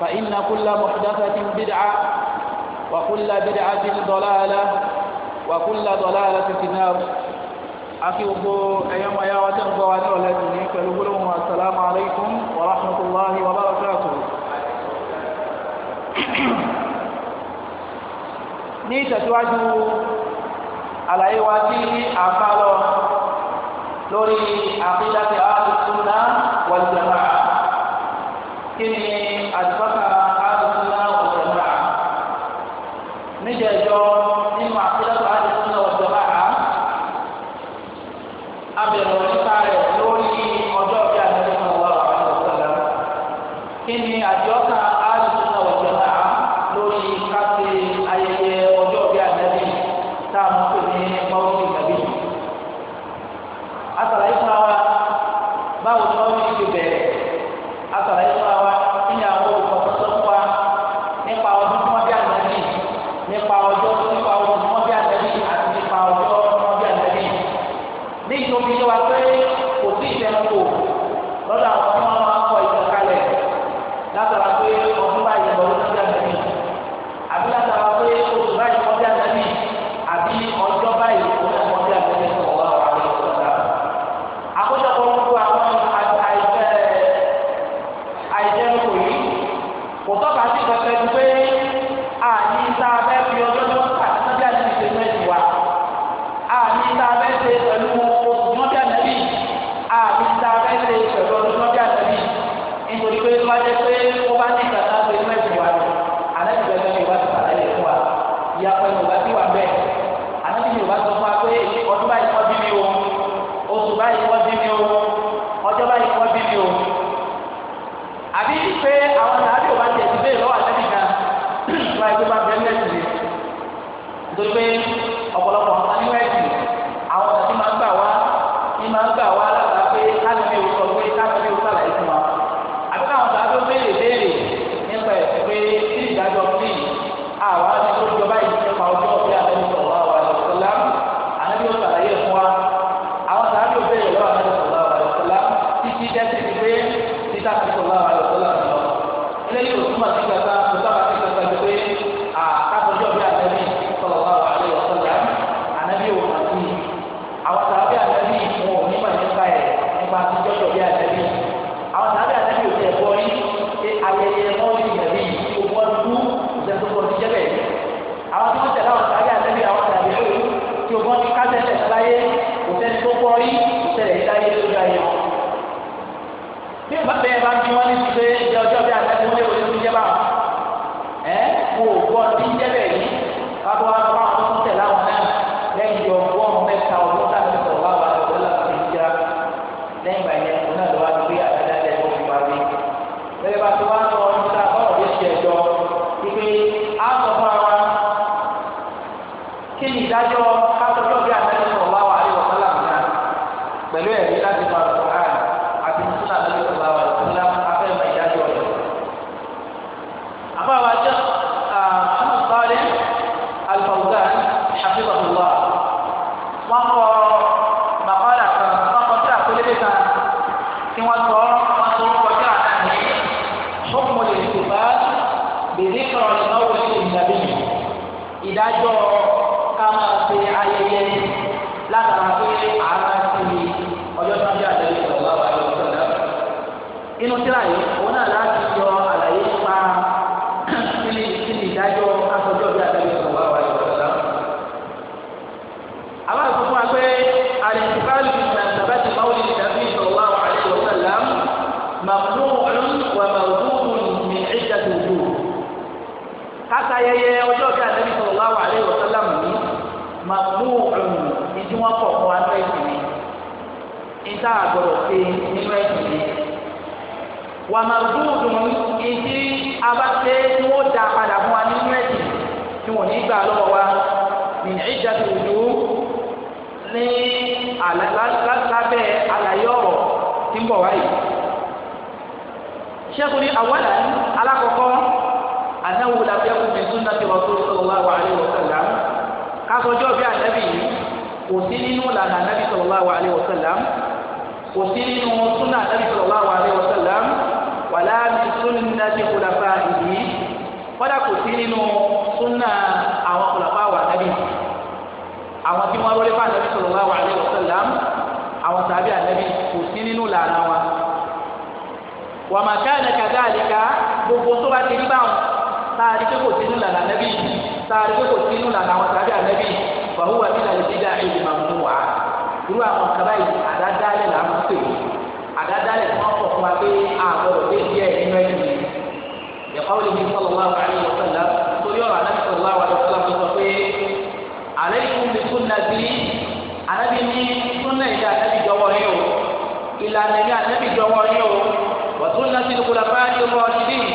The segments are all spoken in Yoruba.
فإن كل محدثة بدعة وكل بدعة ضلالة وكل ضلالة في النار أخي أبو أيام يا وتنبو أنا ولدني فلقلهم السلام عليكم ورحمة الله وبركاته ní ìtẹ̀síwájú àlàyé wa tí a ń bá lọ lórí àfihàn àti àdìbákà bèbí kọ̀ọ̀ ní báwo ní ìdàbí yìí ìdájọ́ ká máa ṣe ayẹyẹ látara pé àárá ti ọjọ́ sábẹ́ àtẹ̀lé ìgbàlá wa lọ́sọ̀dá. inú tíra yìí ó tá a gbọ́dọ̀ ṣe nínú ẹ̀sìn yìí. wà á máa dúdùn ìdí abáṣe tí wọ́n da padà fún wa nínú ẹ̀sìn tí wọ́n ní gbà lọ́wọ́ wa ní ìjà tó dùn ní lábẹ́ àlàyé ọ̀rọ̀ tí ń bọ̀ wáyé. sẹ́kùn ní àwọ̀là alákọ̀ọ́kọ́ anáwó la fẹ́ kún mi súnà tí wọ́n tó sallallahu alaihi wasallam kákọ́jọ́ bí ànábì yìí kò sí nínú lànà ànábì sallallahu alaihi wasallam kò sí nínú súnà Ànábì sallallahu alaihi wasallam wàlá min sunnati khulafaihi kọ́dà kò sí nínú súnà àwọn kùlàfà wà Ànábì àwọn tí wọ́n rọ́lé fún Ànábì sallallahu alaihi wasallam àwọn tàbí Ànábì kò sí nínú làánà wa wà mà káàdà kàdá àdìgá gbogbo tó bá ti rí báwọn sáàrí pé kò sínú lànà ànábì sáàrí pé kò sínú lànà àwọn sáàrí ànábì fàhùwà bí làlẹ́ dídá ìlú màmú irú àwọn kaba yìí àdádálẹ̀ là ń pè é àdádálẹ̀ wọn kọ̀ fún wa pé àgbọ̀dọ̀ lè díẹ̀ nínú ẹ̀yìn yìí ẹ̀kọ́ wọlé ní sallallahu alaihi wa sallam torí ọ̀rọ̀ anábì sallallahu alaihi wa sallam tó sọ pé alaykum bi sunnati anábì ní súnà ìdá anábì jọwọ́ yín o ìlànà ìdá anábì jọwọ́ yín o wa sunnati al-khulafa'ir rashidin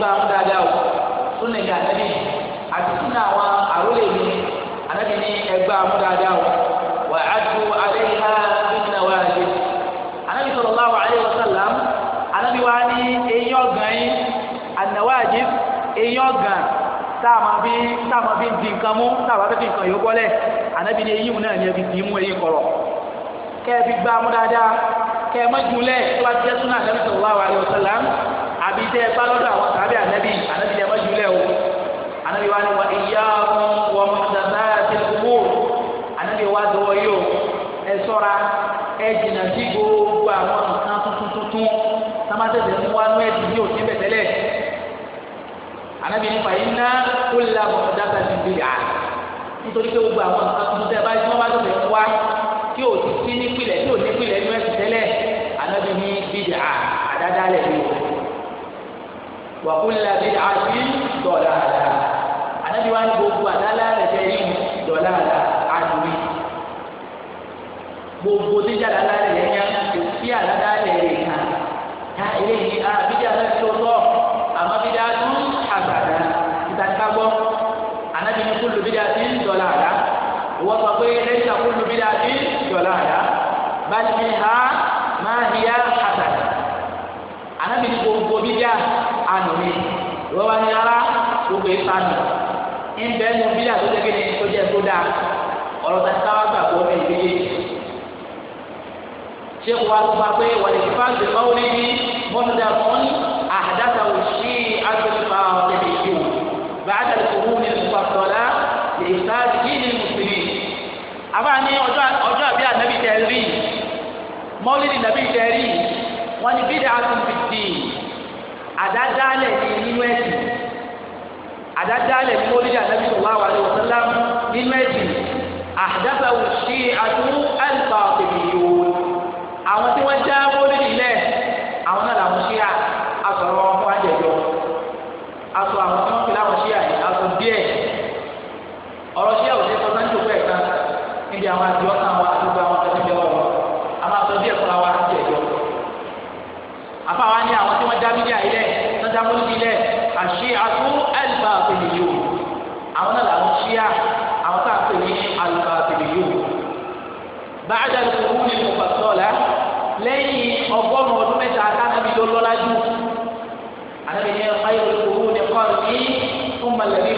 bá mú dáadáa o súnlẹ̀ ní ànábì àti súnlẹ̀ àwọn àrólé mi ànábì ní ẹgbà mú dáadáa o wà á tu alẹ́ ìhà nínú wa ṣe ànábì sallallahu alaihi wasallam ànábì wa ní eyín ọ̀gàn yín ànáwáàjì eyín ọ̀gàn táàmà bí táàmà bí di nǹkan mú táàmà bí di nǹkan yóò bọ́lẹ̀ ànábì ní eyín mu náà ní ẹbí dì í mú eyín kọ̀rọ̀ kẹ́ẹ̀ fi gbá mú dáadáa kẹ́ẹ̀ mọ́jú tó bá ti jẹ́ súnlẹ̀ ànábì sallallahu alaihi wasallam àbí tẹ́ ẹ bá lọ́dọ̀ àwọn tàbí ànábì ànábì tẹ́ ẹ má jùlẹ̀ o ànábì wa ni wa ìyá wọn wọn dàda ti kúkú ànábì wa dọwọ́ yìí o ẹ sọ́ra ẹ jìnnà sí gbogbo àwọn nǹkan tuntun tuntun sábàtẹ̀sẹ̀ ń wá nú ẹ̀sìn ní òsín bẹ̀tẹ̀lẹ̀ ànábì nípa yìí ná kó la wọn dàda ti gbé yà nítorí pé gbogbo àwọn nǹkan tuntun tẹ́ ẹ bá tí wọ́n bá tẹ̀sẹ̀ ń wá tí ò ti sí nípìlẹ̀ tí ò nú ẹ̀sìn tẹ́lẹ̀ ànábì ní bídà àdádálẹ̀ bíi wàkúlẹ̀ bíi àti dọ̀là àdá anabi wa ni gbogbo àdálà rẹ̀ jẹ́ yìí dọ̀là àdá àdúrí gbogbo jíjà àdálà rẹ̀ yẹn yá sí àdálà rẹ̀ yẹn kan ká eléyìí àbíjà àdá tó tọ́ àmọ́ bíjà tún àgbàdá ìtàkà gbọ́ anabi ni kúlù bíjà ti ń dọ̀là àdá wọ́n sọ pé lẹ́yìn àkúlù bíjà ti ń dọ̀là àdá bá ti fi hàn máa hìyà àtàkà anabi gbogbo bíyà ànú mi ìwọ wa ní ara gbogbo ìfà nù ńbẹ nu bíyà tó jẹ kéde tó jẹ tó dáa ọ̀rọ̀ ta sáwá gbà kó mi ìdíyé ṣé kó wa tó bá pé wà lè fà ṣe báwo lè ní mọ́tòdà fún àdáta wò sí àgbẹ̀fà ọ̀tẹ̀lẹ̀ yìí o bàtà lè fowó ní ìfọ̀tọ̀lá lè sá yìí ní mùsùlùmí àbá ọjọ́ àbí ànábì tẹ̀ rí mọ́lìdì nàbì tẹ̀ rí wọ́n ní bídà àtúntì àdádálẹ̀ ní nínú ẹ̀sìn àdádálẹ̀ ní mọ́lídà nàbí sallallahu alaihi wasallam nínú ẹ̀sìn àdàbà òṣì àdúró àlùfáà òṣèlú yòó àwọn tí wọ́n dá ọgọ́rùn ọdún mẹ́ta kánábì tó lọ́lá jù ànábì ní ẹ̀ka ìròyìn òwú ni kọ́ọ̀rù ní fún malẹ̀bí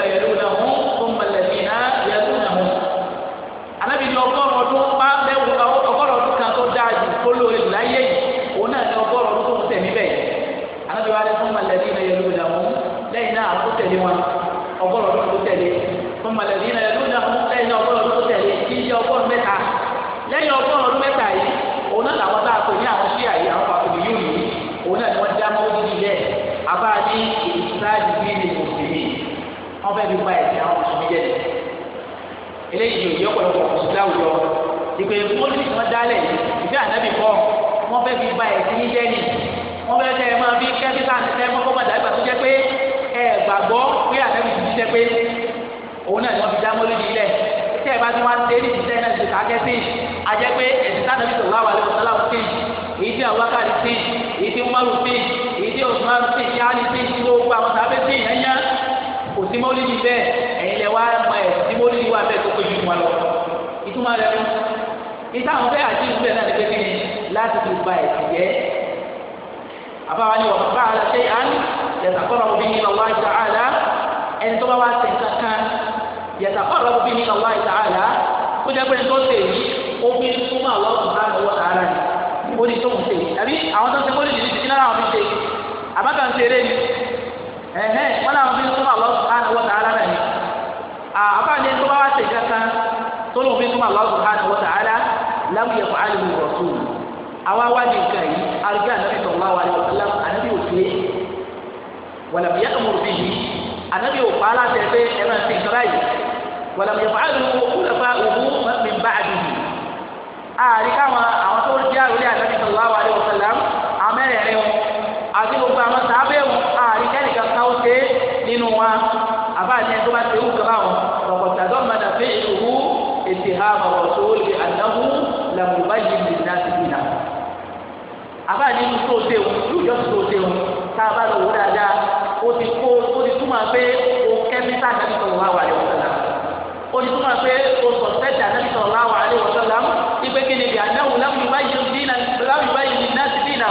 gbàgbọ́ pé àtẹ́bí ti ṣiṣẹ́ pé òun náà ni wọ́n fi dá mọ́lẹ́bí lẹ̀ tẹ́ ẹ bá ti wá ń tẹ́lẹ̀ ìṣiṣẹ́ náà ti kàkẹ́ sí ajẹ́ pé ẹ̀sìn táwọn ẹ̀sìn wà wà lẹ́wọ̀n sálà sí èyí tí àwọn akáàdì sí èyí tí umaru sí èyí tí osman sí èyí tí ali sí tí gbogbo àwọn sábẹ́ sí ìyẹn kò sí mọ́lẹ́bí bẹ́ẹ̀ ẹ̀yin lẹ wá mọ ẹ̀ sí mọ́lẹ́bí wà bẹ́ẹ̀ tó pé àbáwálé wọn bá a ṣe à ń yàtàkọ́rọ̀ òbí ní ọlá ìta àlá ẹni tó bá wá ṣe nǹkan kan yàtàkọ́rọ̀ òbí ní ọlá ìta àlá ó jẹ́ pé ní tó ṣe èyí ó fi súnmọ́ àwọn ọ̀sán lọ́wọ́ tààrà ni ó ní tó ń ṣe àbí àwọn tó ń ṣe kó ní ìdílé ti lára àwọn fi ṣe àbákan ṣe ni ẹ̀hẹ́ wọn làwọn fi súnmọ́ àwọn ọ̀sán lọ́wọ́ tààrà náà ni àbáwọn ẹni tó bá wá ṣe nǹkan kan tó lóun fi súnmọ́ àwọn ọ̀sán lọ́wọ́ tààrà láwùjọ fún àlùmí rọ̀ àwa wájú nǹkan yìí arúgbó ànábì sallallahu alaihi wasallam ànábì òfin wàlàmù yẹ kàn mọ̀rọ̀ bíyì ànábì òfin aláṣẹ pé ẹ máa fi nǹkan báyìí wàlàmù yẹ fàálù kúlẹ̀fà òhun mi bá a dùn àrí káwọn àwọn tó jẹ́ àròlé ànábì sallallahu alaihi wasallam àmẹ́rẹ̀ẹ́rẹ́ wọn àti gbogbo àwọn sábẹ́ wọn àrí kẹ́nìkan káwọ́ àbá nínú tó o déwò lóòjọ́ tó o déwò tá a bá lọ wò dáadáa o ti kó o ti túmọ̀ pé o kẹ́mítà nàbí sọ̀rọ̀ wá wà lẹ́wọ̀n sọ̀lá o ti túmọ̀ pé o sọ̀ sẹ́tà nàbí sọ̀rọ̀ wá wà lẹ́wọ̀n sọ̀lá ipe kí ni bí anáwó láwùjọ báyìí ní náà ti dín náà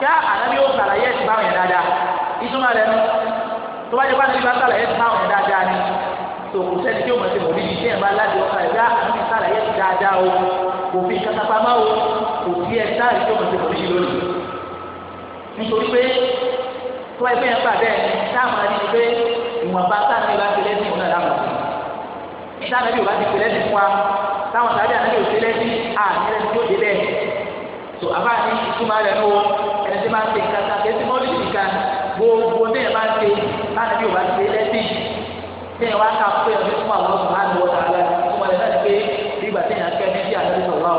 kí ànábì ó sàlàyé ẹ̀sìn báwọn yẹn dáadáa ìtumọ̀ rẹ̀ nù tó bá jẹ́ pé ànábì bá sàlàyé ẹ̀sìn báwọn yẹn dáadáa ni tòkù sẹ́ni tí ó mọ̀ sí mọ̀ níbi tí ẹ̀ bá láti ọkọ̀ ẹ̀ bá ànábì kò sí ẹ táà ìjọ kan ti mọ̀ níbi lónìí nítorí pé tó ẹgbẹ́ yẹn gbà bẹ́ẹ̀ táàmù àti ìgbé ìwọ̀nba táàmù ìbá ti lẹ́sìn ìwọ̀n náà láwọn táàmù ìbá ti lẹ́sìn fún wa táwọn sáré àti ìbá ti lẹ́sìn àti ẹni tó dé bẹ́ẹ̀ tó àbá ní ìtumá rẹ̀ lọ́wọ́ ẹni tí máa ń pè kàkà kẹsì mọ́lì nìkan gbogbo ní ẹ̀ máa ń pè táàmù ìbá ti lẹ́sìn tí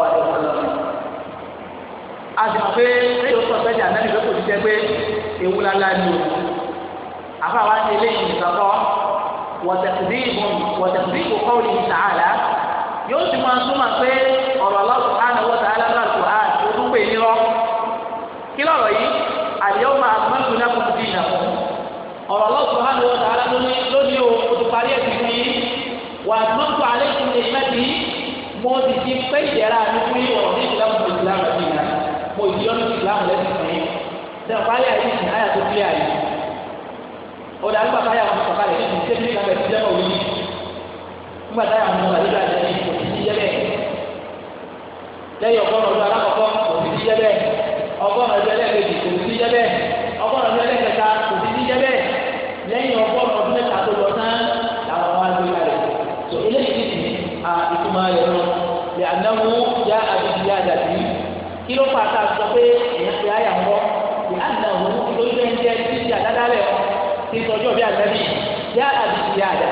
ẹ̀ àtìmọ̀ pé lẹ́yìn oṣù ọ̀sẹ̀ jà náà nìgbẹ́ kò ti jẹ́ pé ewu lala ni o àfa wa ti eléyìí nìkọ́kọ́ wọ̀tẹ̀kùdí ìbùn wọ̀tẹ̀kùdí ìkókọ́ òní ìtàhálà yóò ti máa súnmọ́ pé ọ̀rọ̀ Allahu subhanahu wa ta'ala náà kò á tó tún pè ní lọ. kí lọ́rọ̀ yìí àyẹ̀wò máa má tún náà kún dín náà fún. ọ̀rọ̀ Allahu subhanahu wa ta'ala lónìí o o ti parí ẹ̀sìn fún yín wà á tún tó alẹ́ kún lè mẹ́tì mo ti ti pé ìjẹ́ra mi fún yín ọ̀rọ̀ ní ìlànà ìlànà ìlànà mo ìdí ọdún ti láwọn lẹ́sìn fún yín ṣe ọ̀pá ayé àyè ìsìn ayé àtúntò ayé ó dà nígbà táyà wọn sọ̀kà lẹ̀ ní ṣé nígbà bẹ̀rẹ̀ sílẹ̀ òun yìí nígbà táyà wọn sọ̀kà lẹ̀ ní kò sí yẹ bẹ́ẹ̀ lẹ́yìn ọgọ́rùn ọdún alákọ̀ọ́kọ́ kò sí yẹ bẹ́ẹ̀ ọgọ́rùn ọdún ẹlẹ́kẹ̀jì kò sí yẹ bẹ́ẹ̀ ọgọ́rùn ọdún ẹlẹ́kẹta kò sí yẹ bẹ́ẹ̀ lẹ́yìn ọgọ́rùn ọdún mẹ́ta tó lọ tán làwọn wá gbé kalẹ̀ tó eléyìí ti ìtumọ̀ ayọ̀ lọ kí ló fàtà sọ pé èèyàn ti àyà ńkọ bí a nà òun lórí bẹ́ẹ̀ jẹ́ títí àdáda rẹ̀ ti sọjọ́ bí àgbẹ̀bí yá àbísí àdá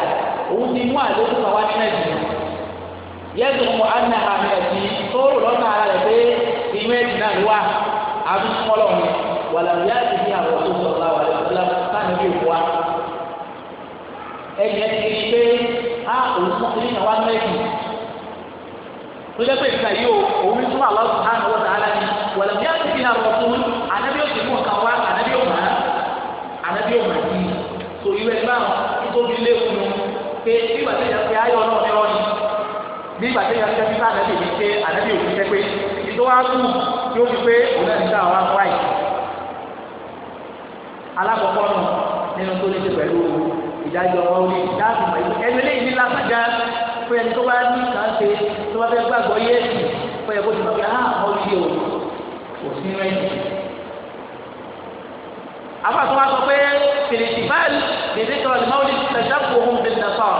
òun ti mú àdókù kan wá nínú yẹ́sùn mu àná àmì ẹ̀sìn tó rò lọ́nà ara rẹ̀ pé ẹ̀sìn náà ló wà àti ní àwọn tó sọ̀rọ̀ a tó jẹ́ pé ìgbà yìí o òun tún Allah subhanahu wa ta'ala ni wọ̀lẹ̀ bí a ti fi àwọn fún ànábì òsì fún ọ̀kan wá ànábì òmà ànábì òmà yìí tó ìwé ní báwọn nítorí léwu nu pé bígbà tó pé ayé ọlọ́run ẹ̀rọ ni bígbà tó pé bíbá ànábì mi pé ànábì òsì tẹ́ pé ìtọ́wá kú yóò fi pé òun ti dá àwọn àwọn alákọ̀ọ́kọ́ nù nínú tó lè ṣe pẹ̀lú ìdájọ́ bá fẹ́ gbàgbọ́ yé ẹ̀sìn fún ẹ̀kọ́ ti bá fẹ́ hàn mọ́ sí o kò sí rẹ̀ ní. àbá tó wá sọ pé fèrèsì báyìí lèdè tó ọ̀lẹ́ máwùlì tẹ̀sán kò hún bẹ̀rẹ̀ nàfọ̀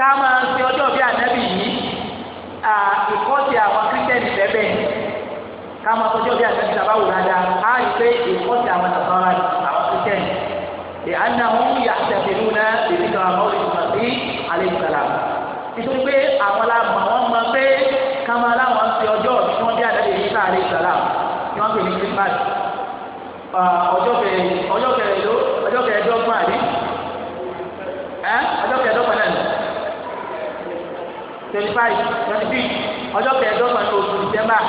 ká máa ń ṣe ọjọ́ bí ànábì yìí ìkọ́sí àwọn kírísítẹ́nì bẹ́ẹ̀ ká máa tọ́jọ́ bí ànábì tàbá wò dáadáa á rí pé ìkọ́sí àwọn nàfọ̀ràn àwọn kírísítẹ́nì nítorí pé àwọn la mọ̀ wọ́n mọ̀ pé kàmá láwọn ti ọjọ́ ọ̀bí tí wọ́n bí àdáde yìí sáà lè sàlá ni wọ́n pè ní Christmas ọjọ́ kẹrẹ ọjọ́ kẹrẹ ló ọjọ́ kẹrẹ dọ́gbọ̀n àbí ẹ ọjọ́ kẹrẹ dọ́gbọ̀n náà twenty five twenty six ọjọ́ kẹrẹ dọ́gbọ̀n ní oṣù December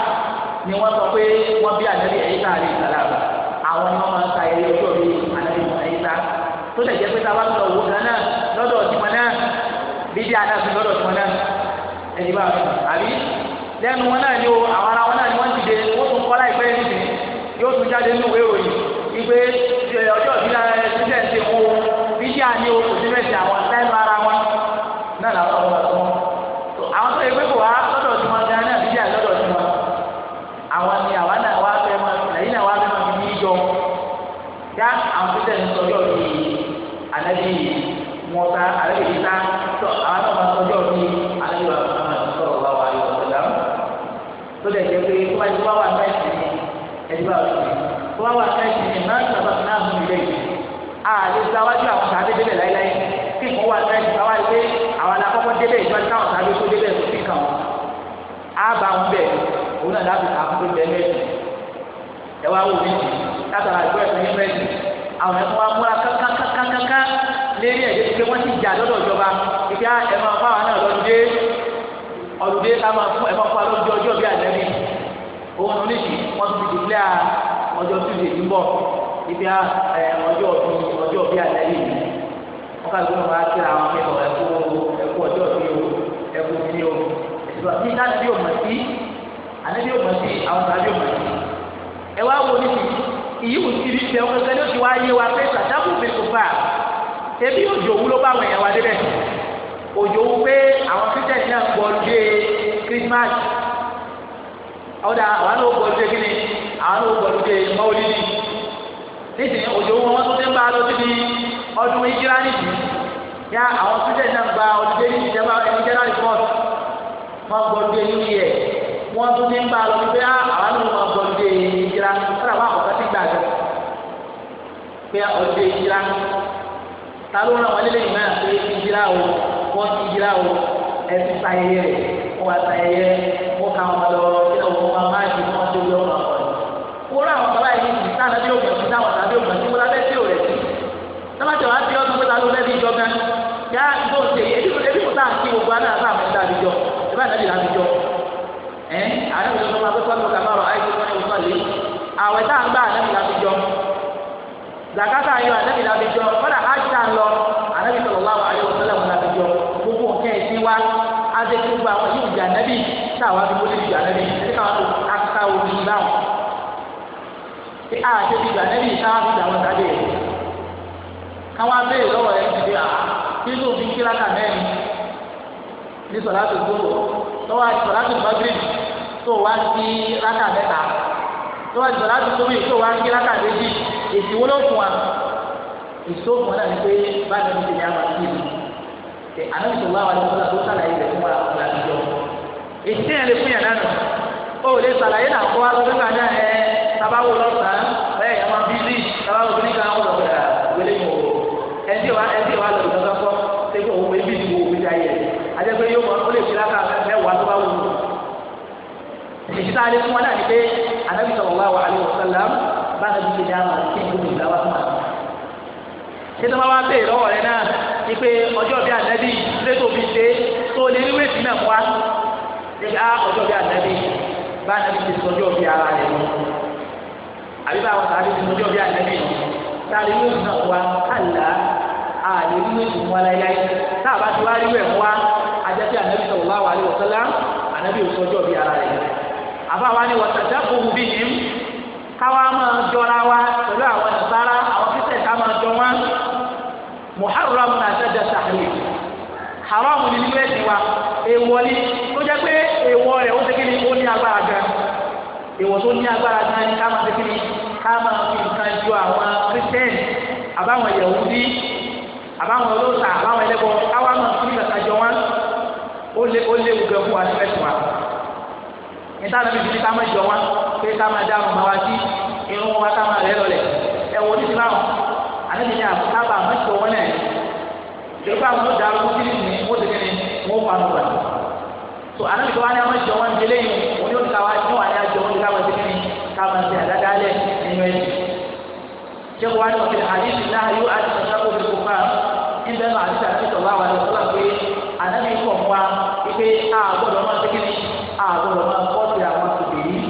ni wọ́n sọ pé wọ́n bí àdáde yìí sáà lè sàlá àwọn ni wọ́n máa ń ta ẹyẹ ọjọ́ bíi àdáde yìí sáà tó lè jẹ́ pé tá a bá sọ bíbí adásu lọ́dọ̀ tí wọ́n náà ẹni bá wọn àbí lẹ́nu wọn náà ni o àwọn ará wọn náà ni wọ́n ti dé wọ́n tún kọ́ láìpẹ́ níbi yóò tún jáde nínú ìwé ìròyìn ìgbé ọjọ́ ìbí náà ṣiṣẹ́ ti kú bíbí àní o kò sí mẹ́sì àwọn lẹ́nu ara wọn náà làwọn ọmọ wọn tó àwọn tó yẹ pé kò wá lọ́dọ̀ tí wọ́n náà bíbí àní lọ́dọ̀ tí wọ́n àwọn ni àwa náà wá fẹ́ mọ́ lẹ́yìn náà wá fẹ́ mọ́ bíbí jọ àwọn náà máa sọjọ́ ní aláìwá Muhammad sọ̀rọ̀ wá wá yọ̀ ọ̀sẹ̀ dáhùn tó dẹ̀ jẹ́ pé tó bá ti wá wà sáìsì ni ẹni bá wà tó wá wà sáìsì ni náà sábà náà mú ilé yìí àlè sáwájú àwọn sábẹ́ débẹ̀ láíláí kí nǹkan wà sáìsì sáwá ilé àwọn alákọ́kọ́ débẹ̀ ìgbà táwọn sábẹ́ tó débẹ̀ kò sí kàn wọ́n á bá wọn bẹ̀ òun náà láti kà á fún bẹ́ẹ̀ mẹ́rin ẹ wá wò mí látara ìgbọ́ ẹ̀sán lérí ẹ̀jẹ̀ tó pé wọ́n ti jà lọ́dọ̀ ìjọba ìgbà ah, ẹ̀ máa fún àwọn náà lọ́dúndé ọ̀dúndé ká máa fún ẹ̀ máa fún àwọn lọ́dúndé ọjọ́ bí àjẹ́bí òun ló níṣì wọ́n ti ti pílẹ̀ ọjọ́ tuesday ti ń bọ̀ ìgbà ah, ọjọ́ ọjọ́ bí àjẹ́bí wọ́n ká lóun bá ti ra àwọn ẹ̀kọ́ ẹ̀kú ọjọ́ bí o ẹ̀kú bí o ìgbàgbé náà bí o mọ̀ sí ànábì o mọ̀ sí àwọn tàbí o mọ̀ sí ẹ wá wo níbi ìyíwò ti rí bẹ́ẹ̀ wọn kẹ́lẹ́ ó ti wá yé wa pé sàdábù bẹ́ẹ̀ kò fà á ebi òjò wúlò bá àwọn èèyàn wa débẹ̀ òjò wú pé àwọn christian náà gbọ́ dé christmas ọ̀dà àwọn náà gbọ́ dé kíni àwọn náà gbọ́ dé mọ́wúlídì nísìnyí òjò wú wọn tó ti ń bá lọ síbi ọdún ìjírá nìyí yá àwọn christian náà gba ọdún ìjọba ìjọba report wọn gbọ́ dé new year wọn tó ti ń bá lọ síbi ah, àwọn náà wọn gbọ́ dé ìjírá kọ́ra wọn àkọ́kọ́ ti gbà pé ọdún ìjírá ta ló ràn wọ́n lélẹ́yìn náà pé ìjìlá o wọ́n ti ìjìlá o ẹ̀sìn sayẹyẹ rẹ̀ wọ́n wá sayẹyẹ wọ́n ká wọn lọ kílẹ̀ wọn máa máa di wọn tó lọ wọn kọ́ ni. wọ́n rà wọn bàbá yìí ní sáà lábẹ́ ògbà sí sáwọn lábẹ́ ògbà sí wọn lábẹ́ sí òrẹ́ sí. sábàtì wàá fi ọdún pẹ́ta ló lẹ́bi ìjọ gan. yá ìbò ṣe èyí ebi kò sáà kí gbogbo aná sáà mú dàbí jọ ìbá ìdájì làbí jọ. ẹ àná ìjọba máa fẹ́ sọ́dún kàmárọ̀ àìsí zakata ayọ anabi la fi jọ kọ́dà hajj lọ anabi sallallahu alaihi wasallam la fi jọ gbogbo nǹkan ẹ̀sìn wa adé tó gba àwọn yóò di anabi tá a wá fi wọlé ju anabi ẹni káwọn tó aka omi báwọn pé a ti fi ju anabi táwọn fi dàwọn sáde rẹ káwọn abéèrè lọ́wọ́ rẹ ti di a kí ló fi kíláka mẹ́rin ní sọlá tó gbòòrò lọ́wọ́ sọlá tó gbàgbé tó wá sí rákà mẹ́ta lọ́wọ́ sọlá tó gbòòrò tó wá sí rákà méjì èsì wo ló fún wa èso fún wa náà ni pé báyìí ló ti ní àwọn àti ìlú kẹ ànábi tó wá wà ló tó sàlàyé rẹ fún wa ọ̀la àtijọ́ èsì yẹn lè fún yàn lánà ó lè sàlàyé náà kó wa lọ́dún kan ẹ tabawo lọ́sàn-án ẹ máa bí tabawo tó ní ká wọ́n lọ́dún kan wọlé yìí wò ẹ ti wá ẹ ti wá lọ́dún kan ebi ti wo òun ti adẹ́gbẹ́ yóò mọ ó lè fi láka mẹ́wàá tó bá wù èsì tá a lè fún wa náà ni pé ànábi sọ̀rọ̀ wá wà á lè wọ̀ sálám bá a lè fi ní àwọn nítorí wọn wá bèè lọ́wọ́ rẹ náà ni pé ọjọ́ bíi ànábì lẹ́tọ̀ fi ṣe tó lè rí wéètì náà wá ní ká ọjọ́ bíi ànábì bá ànábì ti sọ ọjọ́ bíi ara rẹ lọ àbí báwọn sàbí ti sọ ọjọ́ bíi ànábì sáré wéètì náà wá kàlá àlè rí wéètì mú aláyáyé tá a bá ti wá rí wẹ̀ mú wá ajẹ́sí ànábì sallallahu alaihi wasallam ànábì ò sọ ọjọ́ bíi ara rẹ àbáwá ni wọ́n tẹ̀síwájú bíi káwá máa jọra wa pẹ̀lú àwọn ìsára muharram náà dájà haram ni nínú ẹ̀sìn wa èèwọ̀ ni tó jẹ́ pé èèwọ̀ rẹ̀ ó tẹ́kí ni ó ní agbára gan èèwọ̀ tó ní agbára gan ni ká máa tẹ́kí ni ká máa fi nǹkan ju àwọn christian àbáwọn yahudi àbáwọn olóòtà àbáwọn ẹlẹ́bọ káwá máa fi nǹkan jọ wọn ó lé ó léwu gan fún wa nínú ẹ̀sìn wa níta ló fi ká máa jọ wọn pé ká máa dá àwọn ọmọ wa sí irun wa ká máa rẹ́ lọlẹ̀ ẹ̀wọ̀n oníṣẹ́ náà àlejò ní àbá mẹ́tọ́ wọn náà ìjọba àwọn ọ̀dà arúgbókìlì ní wọ́n ti kẹ́ni wọ́n fa nù rẹ̀ tó àlejò wọn ní àwọn ẹ̀jọ̀ wọn délé yìí wọ́n yóò ká wá ní wàá ní àjọ wọn ní káwọn ti kẹ́ni káwọn ti àdáda alẹ́ nínú ẹ̀jẹ̀ jẹ́kọ̀ wá ní ọ̀kẹ́ àdéhùn náà yóò àti sọ̀tàkó fi kó fà ń bẹ́ẹ̀ náà àti àti sọ̀rọ̀ àwọn àti sọ̀rọ̀ pé ànábì kọ̀ wá pé àgbọ̀dọ̀ máa ti kẹ́ni àgbọ̀dọ̀ máa kọ́ ti àwọn àtòkè yìí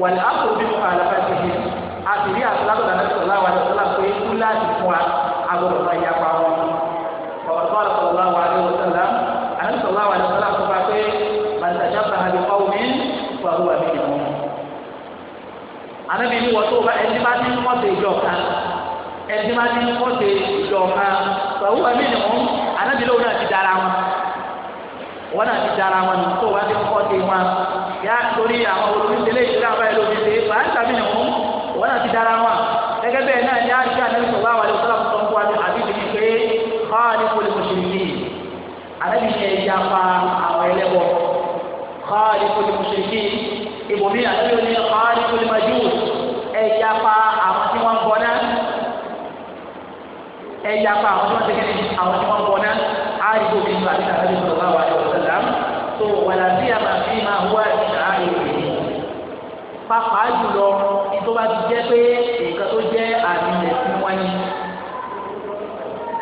wàlẹ́ àpò bí mo kà á lọ́kà ti kẹ́ni àtìrí àtìlágbọ̀dọ̀ àti sọ̀rọ̀ àwọn àti sọ̀rọ̀ láti fún wa agbọ̀dọ̀ máa yá pa wọn. ọ̀rọ̀ tó wà lọ́sọ̀rọ̀ láwà ní ọ̀sẹ̀lá àti sọ̀rọ̀ láwà ní ọ̀sẹ̀lá fún wa pé màtàjà bá a lè kọ́ omi fún àwọn àmì ìdìbò. àlẹ́ mi ni wọ́n tó bá ẹni bá ní wọ́n ṣe ìjọ kan ẹni bá ní wọ́n ìjọ kan fún àwọn àmì ìdìbò àlẹ́bìlẹ́wọ̀n náà ti dára wọn wọ́n náà ti dára wọn tó wá ibòmí àlejò ní ọ̀hánì kòlímàjú ẹ̀yà pa àwọn tí wọ́n ń ẹ̀yà pa àwọn tí wọ́n ti kéde àwọn tí wọ́n ń bọ̀ náà àìkú mi nípa nípa àti ìṣòro bá wà ní ọ̀sẹ̀ làm tó wàlá sí àmà sí máa wá ìṣà èrè pápá jùlọ ìtò bá ti jẹ́ pé nǹkan tó jẹ́ àmì ẹ̀sìn wọn ni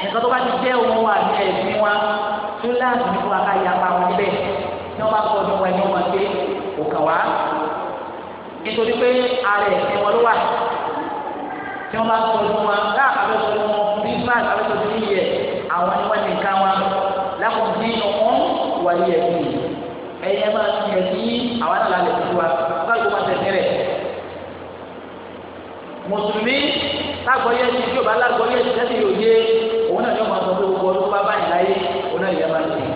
nǹkan tó bá ti jẹ́ òun àmì ẹ̀sìn wọn tó láàbì fún akáyà nítorí pé ara ẹ̀sìn wọn ló wà tí wọ́n bá sọ ọdún wọn ká àbẹ̀sọ̀ ọdún wọn christmas àbẹ̀sọ̀ ọdún yìí yẹ àwọn ni wọ́n ní nǹkan wọn lákòó ní ọkàn wáyé ẹ̀sìn ẹ̀yẹ máa ti ẹ̀sìn yìí àwọn àti làlẹ̀ tuntun wa ká ló máa tẹ̀sí rẹ̀ mùsùlùmí lágbọ́yé ti tí o bá lágbọ́yé ti tẹ́sí yóò yé òun náà yóò máa sọ pé gbogbo ọdún bá báyìí láyé òun náà yẹ máa ń sìn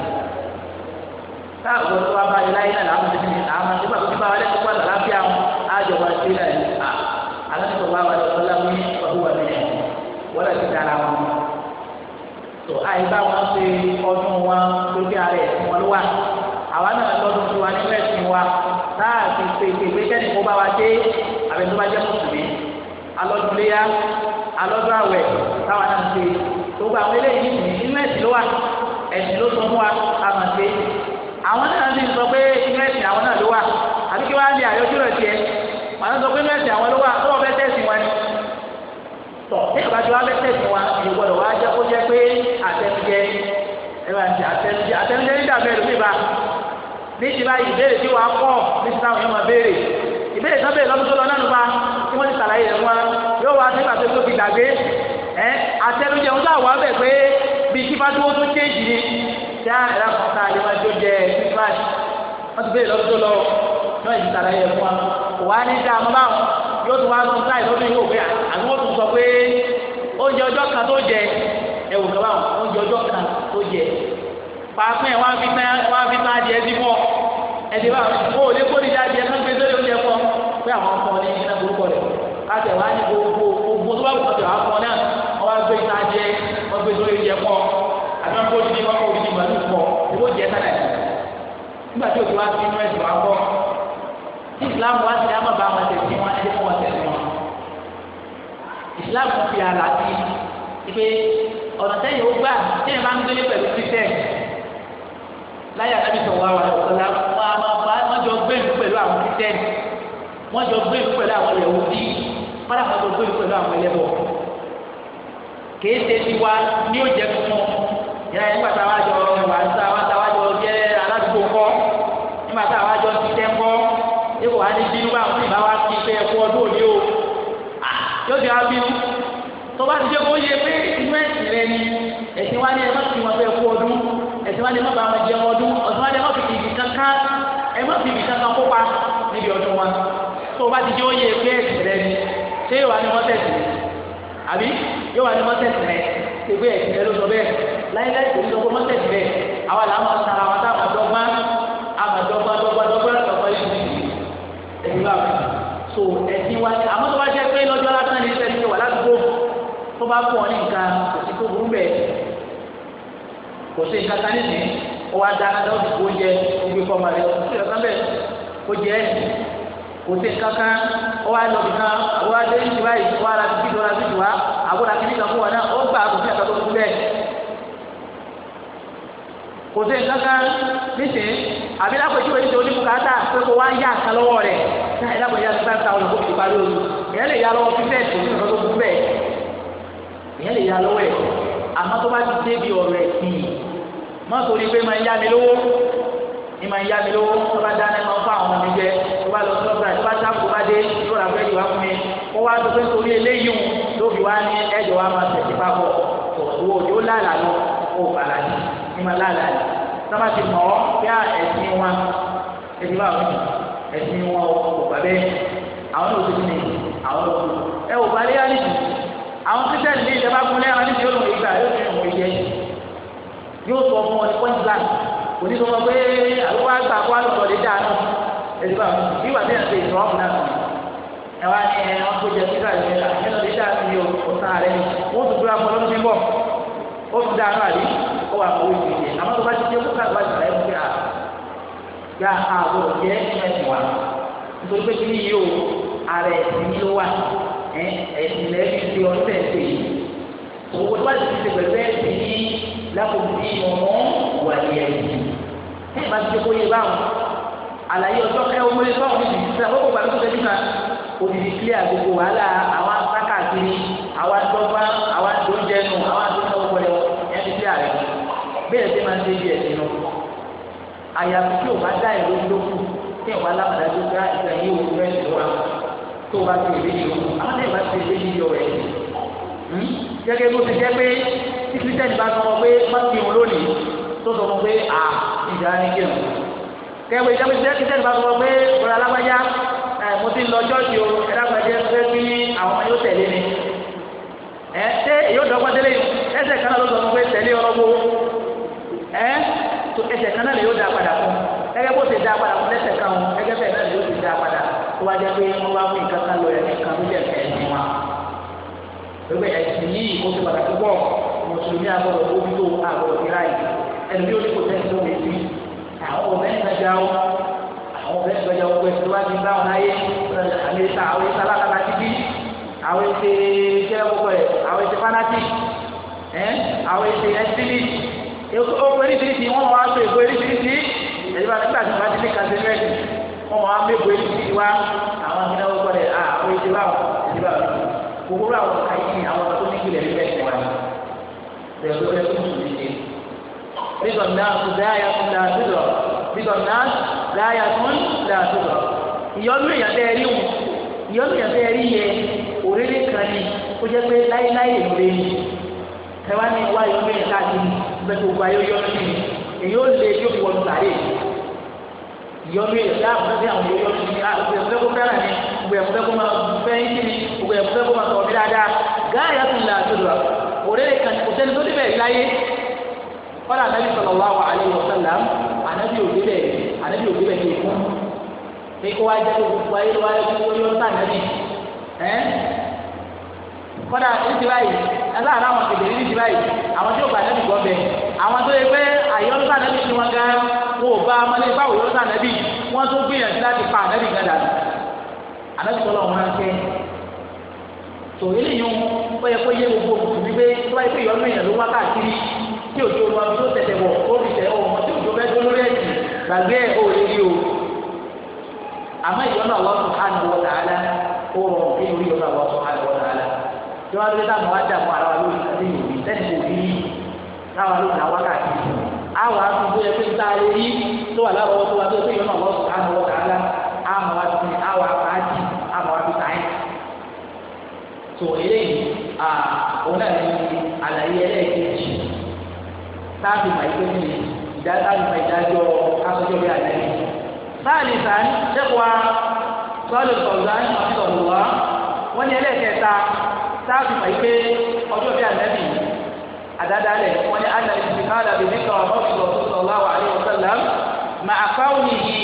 táàbù ọdún bá báyìí láyé náà làwọn ti fi àmọ́ nígbà tó àyíká wọn ṣe ọdún wọn lókè ààrẹ wọn ló wà àwa náà lọ́dún tí wà nílẹ̀ sí wa táà fi pèsè pé kẹ́ni kó bá wa dé àbẹ̀tó bá jẹ́ mùsùlùmí alọ́dún léyà alọ́dún àwẹ̀ táwa náà ṣe gbogbo àwọn eléyìí nílẹ̀ sí ló ẹ̀sìn ló sọ fún wa. ti wá bẹ́tẹ̀ sí wa èyí gbọ́dọ̀ wá jẹ́ kó jẹ́ pé àtẹnudẹ ẹ bá ti àtẹnudẹ àtẹnudẹ ní dàbẹ́ ló bíba ní ti báyìí ìbéèrè tí wàá pọ̀ ní ti táwọn yóò máa béèrè ìbéèrè kan béèrè lọ́dún tó lọ náà nípa tí wọ́n ti sàlàyé rẹ̀ wọn yóò wá nípa tó tó fi gbàgbé ẹ àtẹnudẹ ń sáà wá bẹ̀ pé bí kí bá dúró tó chéjì ni tí a ẹ̀rọ kan tá a lè máa jó jẹ wọ́n ti béèrè lọ́dún tó oúnjẹ ọjọ́ kan tó jẹ ẹ̀wù kan báwọn oúnjẹ ọjọ́ kan tó jẹ pàápàá wọn fi tán wọn fi tán adìẹ sí fọ ẹdí bá wọn ò lè kó nídìí adìẹ náà gbé sórí oúnjẹ fọ pé àwọn ọkọ ní iná burúkọ rẹ káṣẹ wàá ní gbogbo gbogbo tó bá wù kọsẹ wàá fọ náà wọn gbé iná adìẹ wọn gbé sórí oúnjẹ fọ àbí wọn kó nídìí wọn kó nídìí màlúù fọ ìwọ jẹ sálẹ nígbà tí òkú wa ti inú ẹsẹ wa kọ islam wa ti ní àmàbà wọn tẹsí wọn ẹdí fún wọn tẹsí islam fi ara sí ipe ọ̀nà tẹ́yìn ó gbà tẹ́yìn máa ń gbélé pẹ̀lú christian láyé àtàbí sọ̀rọ̀ àwọn ọ̀la wọ́n jọ gbẹ̀lú pẹ̀lú àwọn christian wọ́n jọ gbẹ̀lú pẹ̀lú àwọn yahudi wọ́n àwọn jọ gbẹ̀lú pẹ̀lú àwọn ẹlẹ́bọ kèé ṣe ti wá ní òjẹ́ tuntun yàrá yẹn nígbà táwa jọ wà táwa táwa jọ jẹ́ aládùúgbò kọ́ nígbà táwa jọ ti tẹ́ kọ́ ipò wa ní bínú bá wọn ìbá wa fi pé ẹ̀kọ́ ọdún òní o yóò di abínú tó bá ti jẹ́ kó yẹ pé inú ẹ̀sìn rẹ ni ẹ̀sìn wa ni ẹ má fi wọn fẹ́ kú ọdún ẹ̀sìn wa ni ẹ má ba wọn jẹ ọdún ọdún wa ni ẹ má fi ibi kankan ẹ má fi ibi kankan kópa níbi ọdún wa tó bá ti jẹ́ ó yẹ pé ẹ̀sìn rẹ ni ṣé yóò wá ní wọ́n tẹ̀sìn rẹ àbí yóò wá ní wọ́n tẹ̀sìn rẹ ṣègbè ẹ̀sìn rẹ ló sọ bẹ́ẹ̀ láyéláyé kò ní sọ pé wọ́n tẹ̀sìn rẹ àwa làá máa sara wọn tá àmàdọ́gbá àmàdọ́gbá dọ́gbá dọ́gbá dọ́gbá so ẹ̀sìn wa àmọ́ tó bá pé lọ́jọ́ lásán ní wà ládùúgbò tó bá ní nǹkan kò sí burú bẹ́ẹ̀ kò sí nǹkan ó wá ibi kọ́ rẹ̀ ó sì bẹ́ẹ̀ kó kò sí nǹkan kan ó wá ó wá dé ní báyìí ó wá ra lọ́ra àbúrò fún wa náà ó gbà kò sí àtàkùn bẹ́ẹ̀ kò sí nǹkan kan ẹ dábọ̀ yá five thousand kó fi parí omi ìyẹn lè yá lọ́wọ́ fífẹ́ tó ní ìrọ́lọ́ fún bẹ́ẹ̀ ìyẹn lè yá lọ́wọ́ ẹ̀ àmọ́ tó bá ti dé bí ọ̀rọ̀ ẹ̀ sí i má torí pé máa ń yá mi lówó ní máa ń yá mi lówó tó bá dáná máa ń fún àwọn ọmọ mi jẹ tó bá lọ sí ọ̀sán tó bá sáàpù bá dé yóò rà fẹ́ ìwà fún mi kó wá tó fẹ́ torí eléyìí ló fi wá ní ẹ̀jọ̀ wa máa tẹ̀sí papọ̀ òwò yóò lálàá lọ kó o bàlá ní ní máa lálàá ní sábà ti mọ̀ ọ́ bí ẹ̀sìn wa ẹ̀sìn wa ò ẹ̀sìn wọn kò gbà bẹ́ẹ̀ àwọn ló ti ní àwọn ló kù ẹ ò bá léyà nìyí àwọn kristian ní ìjọba kún lẹ́yìn àwọn yóò lò ìgbà yóò fi hàn ìyẹn yóò sọ fún ọ ní point blank kò ní sọ pé àlùkò àgbà kó àlùkò lè dáa nù ẹ̀sìn báwọn ìwà bí ẹ̀sìn ìtọ́ ọ̀hún náà ẹ wá ní ẹ wọn kó jẹ sísá ìwé ẹ lọ lè dáa sí o kò sá rẹ ni wọn tún dúró àpò lọ́dún tí ń bọ̀ ó tún dáa nù àlè ó wà fún ìwé ìwé àmọ́ tó bá ti dé kó sáà bá ti rẹ̀ ń pè á gba àwọn òjẹ́ ẹ̀sìn wa nítorí pé kí yíyó ara ẹ̀sìn ló wà ẹ̀sìn lẹ́bi ti ọ̀sẹ̀ ẹ̀sìn yìí owó tó bá ti ti pẹ̀lú ẹ̀sìn yìí lákòókò yìí mọ̀ mọ́ wà ní ẹ̀sìn ẹ̀ bá ti kó yé báwọn àlàyé ọjọ́ kẹ́ owó lé báwọn níbi ìsìn àkókò gbàgbé tó tẹ́lifà òdìdí kílẹ̀ àgbègbè wàhálà àwọn akákàkiri àwọn adọ́gba àwọn adóúnjẹ nù àwọn adóúnjẹ ọgbọ̀n ẹ̀ ti kílẹ̀ rẹ̀ bẹ́ẹ̀ ti máa ń dé ẹ̀sìn náà àyàfi tí o bá dá ìlú lókù tí o bá lábàdá tó dá ìgbà yìí o fẹ́ ṣe wa tó o bá ti lè léyìí o àwọn náà bá ti lè léyìí o rẹ̀ hmm? gẹ́gẹ́ bó ti jẹ́ pé títí tẹ́ni bá sọ pé má fi hàn lónìí tó sọ pé à ìjà ni kí n kẹ́gẹ́ bó ti jẹ́ pé tẹ́ni bá sọ pé ọ̀rọ̀ alágbájá mo ti lọ jọ́ọ̀jì o ẹ̀rọ àgbàjẹ́ fẹ́ kí àwọn yóò tẹ̀lé mi ẹ̀ ṣé èyí ò dọ́gbọ́n tẹ́lẹ̀ ẹsẹ̀ kan náà ló sọ tó ẹsẹ̀ kan náà lè yóò dá padà fún gẹ́gẹ́ bó ṣe dá padà fún lẹ́sẹ̀ kan wọn gẹ́gẹ́ bẹ́ẹ̀ náà lè yóò ti dá padà tó wá jẹ́ pé wọ́n bá mú nǹkan kan lọ ẹ̀mí kan lójú ẹ̀ka ẹ̀sìn wa. pẹ̀lú ẹ̀sìn yìí ó ti pàtàkì pọ̀ mùsùlùmí àbọ̀rọ̀ omi tó àbọ̀rọ̀ ìlà yìí ẹni bí ó ní kò tẹ́ tó lè fi àwọn ọ̀bẹ ìgbàjà ó àwọn ọ̀bẹ ìgbàjà ó pẹ̀ tó wá ti bá wọn ayé àmẹ́ríkà àwọn ẹ̀sẹ̀ alákàtà ti jẹ́ àwọn ẹ̀sẹ̀ ọkọ eríṣiríṣi wọn máa sọ èbó eríṣiríṣi ẹ̀yìn wọn nígbà tí wọn ti ní kàṣẹ mẹ́rin wọn máa mú èbó eríṣiríṣi wá àwọn akínáwó gbọ́dọ̀ à àwọn èdè wa èdè wa kòkòrò àwọn àyè àwọn tó ní kílẹ̀ ní bẹ́ẹ̀ wá pẹ̀lú ẹ̀ tó tún ní ṣe. bíbọ̀ náà kò dáyà fún làásùdọ̀ bíbọ̀ náà dáyà fún làásùdọ̀ ìyọ́nú èèyàn tẹ́ rí wọn ìyọ́nú èèyàn tẹ́ rí yẹ òrèlè kan ni ó jẹ́ pé láéláé ìmúlẹ̀ ni ẹ wá ní wáyé ọmọ èèyàn káàkiri fẹ́ tó gba yóò yọnu sí mi èyí ó lé yóò fi wọnú sàré ìyọnu yẹ láàbù sí àwọn yóò yọnu sí mi àgbẹ̀ ah, fẹ́ kó fẹ́ràn mi gbẹ̀ fẹ́ kó máa fẹ́ yín sí mi gbẹ̀ fẹ́ kó máa sọ̀rọ̀ mi dáadáa gáàyà tún là tó lọ òrèrè kan kò sẹ́ni tó débẹ̀ láyé kọ́lá anábì sallallahu alaihi wasallam anábì òdebẹ̀ anábì òdebẹ̀ ní ìfún ní kó wáyé jẹ́ kó gbogbo ayé lọ́wọ́ ayé kó yọ kọ́dà ní ti báyìí ẹ̀sán àná àwọn kèdè ní ti báyìí àwọn tí ó gbà nẹ́bí gbọ́ bẹ̀ àwọn tó yẹ pé àyọ̀lọ́sà nẹ́bí ti wọn gan wọn ò bá ọmọdé báwo yọ̀lọ́sà nẹ́bí wọn tó gbìyànjú láti pa nẹ́bí gan gbogbo ló wá káàkiri tí òjò tó tẹ̀tẹ̀ wọ̀ tí òjò bẹ́ẹ̀ tó lórí ẹ̀ o tí wọ́n á lé táwọn wá dàpọ̀ ara wa lórí ìdílé yìí lẹ́nu kò rí táwa ló ta wákàtí àwọn àtúntò yẹ pé ń táa lè rí tó wà láwọ̀ tó wà tó tó yọ̀nà wọ́n sùn àwọn ọ̀tá ńlá àwọn wa tún àwọn apáàdì àwọn wa tún tà ẹ̀. tó eléyìí òun náà ní àlàyé ẹlẹ́ẹ̀kejì táàbì máa yẹ kí ìdá táàbì máa ìdájọ́ aṣojú bí àlàyé. sáàlì sàn ṣẹ́kọ̀ọ́ sọ́ọ̀lù sọ̀rọ̀ sàn ọ̀sọ̀rọ̀ wá wọ́n ẹlẹ́ẹ̀kẹta sáàbì mọ̀ pé ọjọ́ bí ànábì àdádálẹ̀ wọ́n ní àná ìsìn náà dàbí nípa ọ̀rọ̀ sallallahu alaihi wasallam ma'a qawlihi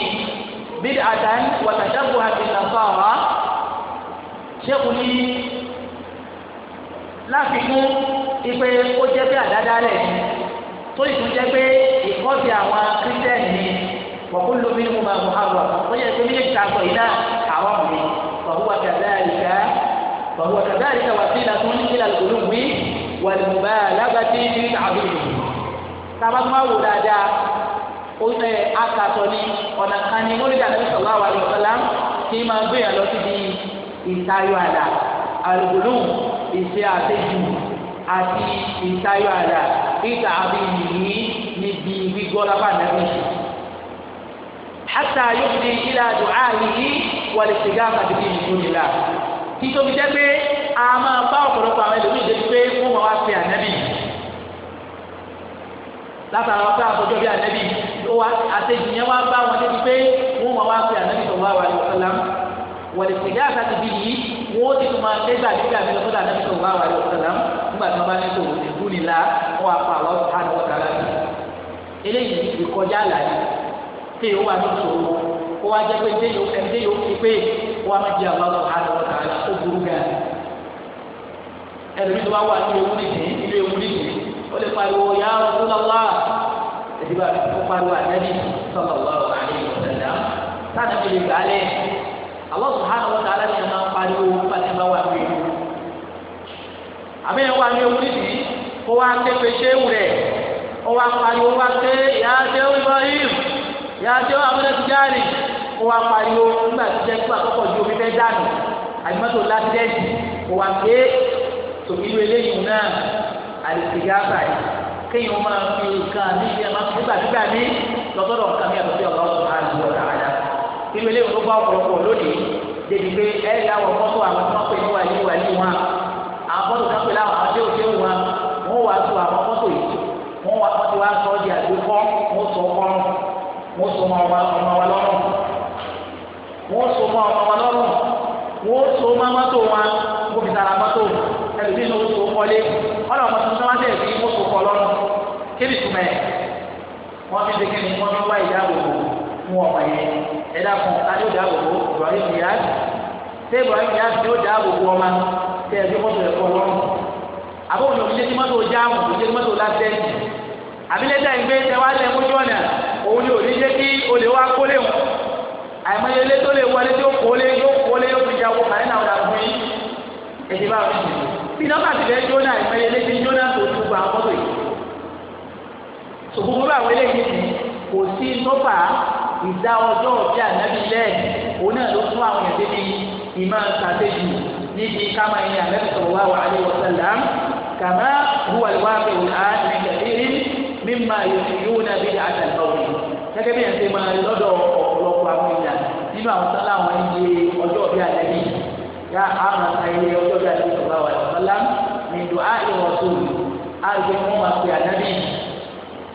bid'atan wa tashabbuhan bin nasara ṣéèkù ní láfikún ipe ó jẹ́ pé àdádálẹ̀ tó ìtún jẹ́ pé ìkọ́sí àwọn kírísítẹ́nì wọ́n kó lómi mo máa mọ̀ àrùn àpò ó yẹ kí méjèèjì ta yìí náà فهو كذلك وسيلة إلى الغلو والمبالغة في تعظيمه tába tó máa wò dáadáa ó ẹ akatọ ni ọ̀nà kan ni ó lè dàbí sọ̀rọ̀ àwọn àlùfọ́lá kí máa ń gbìyànjú lọ síbi ìtayọ àlà àlùbùlù ìṣe àtẹjù àti ìtayọ àlà ìta àbí yìí níbi gbígbọ́ lápá nàbí. hátà yóò di ilà dùn áàyè yìí wọlé ṣìgá àkàtúntì ìdúnilá títóbi jẹ́ pé a máa bá ọ̀pọ̀lọpọ̀ àwọn ẹlòmíì débi pé wọ́n máa wá pe ànábì látara wọn pé àtọ́jọ́ bí ànábì àtẹ̀jù yẹn wá bá wọn débi pé wọ́n máa wá pe ànábì sallallahu alaihi wasallam wọ̀lẹ̀ pẹ̀lú àtàkì bíi yìí wọ́n ti tún máa dẹ́gbà nígbà mi lọ́sọ́dọ̀ ànábì sallallahu alaihi wasallam nígbà tí wọ́n bá ní kò ìlú nìlá wọn apá àwọn ọ̀tá ni wọ́n tara eléyìí ní ìṣòro kó wá jẹ́ pé ndé yòó ndé yòó fi pé wá má jẹ́ àwọn ọ̀hán lọ́wọ́ tààlà ó burú gan. ẹlòmíì tó bá wà ní ewu nìyí ilé ewu nìyí ó lè pariwo ya Rasulullah ẹ̀dí bá ó pariwo àtẹ́ni sallallahu alaihi wasallam sáàdà fi lè gbà á lẹ̀ àwọn ọ̀hán lọ́wọ́ tààlà ni ẹ̀ máa pariwo pàtẹ́ bá wà ní ewu. àmì ẹ̀ wà ní ewu nìyí kó wá ké pe ṣéwù ó wá pariwo wá ké ìyá yàtọ̀ abúlé ti jáde kó wa pariwo nígbà tí jẹ́ kó àkọ́kọ́ ju omi fẹ́ dànù àyùmọ́tò lásìdẹ́ẹ̀tì kó wa gbé tòmí lu eléyìí náà àlìsìgá báyìí kéèyàn máa fi nǹkan ní ìyá máa fi gbà gbígbà ní lọ́sọ̀rọ̀ nǹkan mi àtúntò ọ̀gá ọ̀sùn máa ju ọ̀dà àdá ìlú eléyìí ló bá ọ̀pọ̀lọpọ̀ lónìí débi pé ẹ̀ ẹ́ yàwọ̀ fọ́tò àwọn mọ ọmọ wa lọ́rùn wọ́n so mọ ọmọ wa lọ́rùn wọ́n so mọ mọ́tò wa wọ́n fi tara mọ́tò ẹlòmíín ló so kọ́lé wọ́n lọ́mọ tuntun wá bẹ̀rẹ̀ sí wọ́n so kọ́ lọ́rùn kébì tuma yẹ wọ́n fi dèké ni wọ́n fi wá ìdáàbòbò fún ọmọ yẹn ẹ̀dá fún adé ìdáàbòbò Ibrahim Niyaz tẹ́ Ibrahim Niyaz ni ó dáàbòbò ọmọ tẹ́ ẹ̀ fi mọ́tò ẹ̀ kọ́ lọ́rùn àbọ̀ òyìnbó àbílẹ́tà ìgbé tẹwà lẹ mójú ọ̀nà òun ni òní jẹ́ kí olè wa kólé wọn àìmọye ilé tó lè wọlé tí ó kólé yóò kólé yóò fi jáwó kàrí náà dà fún yín èdè bá wọn bí nọ́mbà ti fẹ́ jóná àìmọye ilé ti jóná tó tún gba ọkọ tó yìí ṣùgbọ́n bá wọlé yìí kò sí nọ́mbà ìdá ọjọ́ ọ̀bí ànábì lẹ́ẹ̀ òun náà ló tún àwọn èdè bíi ìmọ̀ ṣàtẹ́jù níbi káma ìyẹn ànábì sọ̀rọ̀ wá wà á lè wọ kàmá huwa alwaqi'u al'an min mímà yòó nàbí àtàlọ́wì gẹ́gẹ́ bí ẹ̀sìn máa lọ́dọ̀ ọ̀pọ̀lọpọ̀ àwọn èèyàn nínú àwọn sálá àwọn iye ọjọ́ bí àtẹ̀bí yá àwọn ayé ọjọ́ bí àtẹ̀bí sọ̀rọ̀ àwọn ọ̀sálá mìdù àìwọ̀ sóòlù àìgbé wọn máa pè ànábì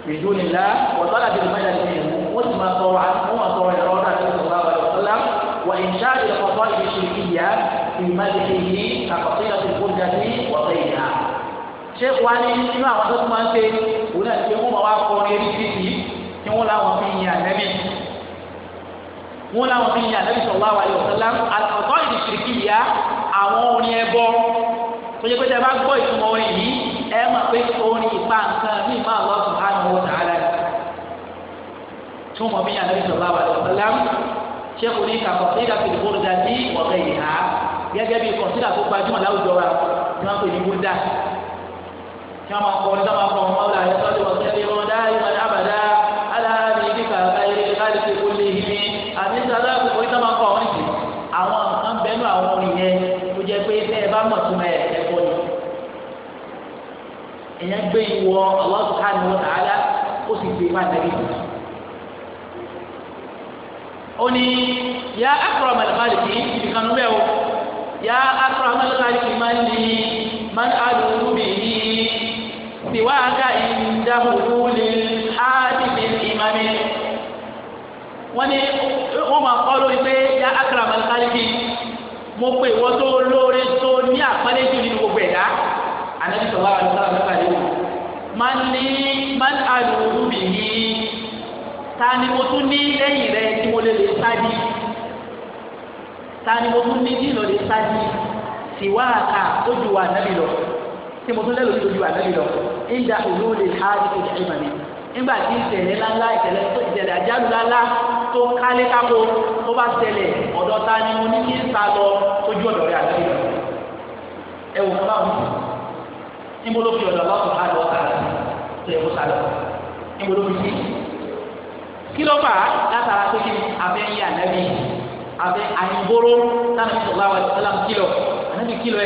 mìdù nìlá wọ̀tọ́lá ti lùmọ́ ìdàgbé yẹn wọ́n ti máa sọ̀rọ̀ sheikh wa ní inú àwọn tó tún máa ń ṣe òun náà ṣe wọn máa wá kọ orin eréṣiríṣi tí wọn làwọn fi yin ànábì wọn làwọn fi yin ànábì sallallahu alaihi wasallam àtọ̀tọ̀ ìdìsirikì yá àwọn orin ẹbọ tó yẹ pé tẹ bá gbọ́ ìtumọ̀ orin yìí ẹ mọ̀ pé orin ìpa nǹkan ní ìmọ̀ Allah subhanahu wa ta'ala tí wọn mọ̀ fi yin ànábì sallallahu alaihi wasallam sheikh ní kakọ̀ sí ìdàpẹ̀ ìbúrúdà sí ọ̀gá ìhà gẹ́gẹ́ bí kọ̀ńsídà tó gbajúmọ̀ láwùjọ wa ni wọ́n pè ní búrúdà كما قلت قبل مولاي صل وسلم دائما ابدا على حبيبك خير الخلق كلهم àmì sàlá àkókò yìí sábà ń kọ àwọn ìsìn àwọn nǹkan bẹnu àwọn orin yẹn tó jẹ pé tẹ ẹ bá mọ̀ tó mẹ ẹ̀kọ́ ni. èèyàn gbé ìwọ Allah subhanahu wa ta'ala ó sì gbé má dàbí ìwọ. ó ní ya akramal khaliqin ìdìkanu bẹ́ẹ̀ o ya akramal khaliqin máa ń ní máa ń adùn rúbì siwaka inda hululi hadithi imami wọ́n ní wọ́n máa kọ́ lórí pé ya akram alkalifi mo pe ìwọ tó lóore tó ní àpẹẹrẹ jù nínú gbogbo ẹ̀dá anabi sọlá wa sọlá wa sọlá wa man ní man alùpùpù bìyí ta ni mo tún ní lẹ́yìn rẹ tí mo lè lè sáájì ta ni mo tún ní dínà lè sáájì siwaka tí mo tún lẹ́rù tó ju àlẹ́ mi lọ ìjà olóòlè áàdì ìjà ìmọ̀ mi nígbà tí ìṣẹ̀lẹ̀ ńláńlá ìṣẹ̀lẹ̀ ìṣẹ̀lẹ̀ àjálù ńláńlá tó kálé kákó tó bá ṣẹlẹ̀ ọ̀dọ̀ ta ni mo ní kí n sá lọ tó ju ọ̀dọ̀ rẹ̀ àlẹ́ mi lọ ẹ wò fún àwọn níbo ló fi ọ̀dọ̀ bá tó àlọ́ ọ̀tà tó yẹ kó sá lọ níbo ló fi sí kí ló fà á látara pé kí abẹ́ ń yé ànábì abẹ́ àyìnbóró tánàbí sọ̀rọ̀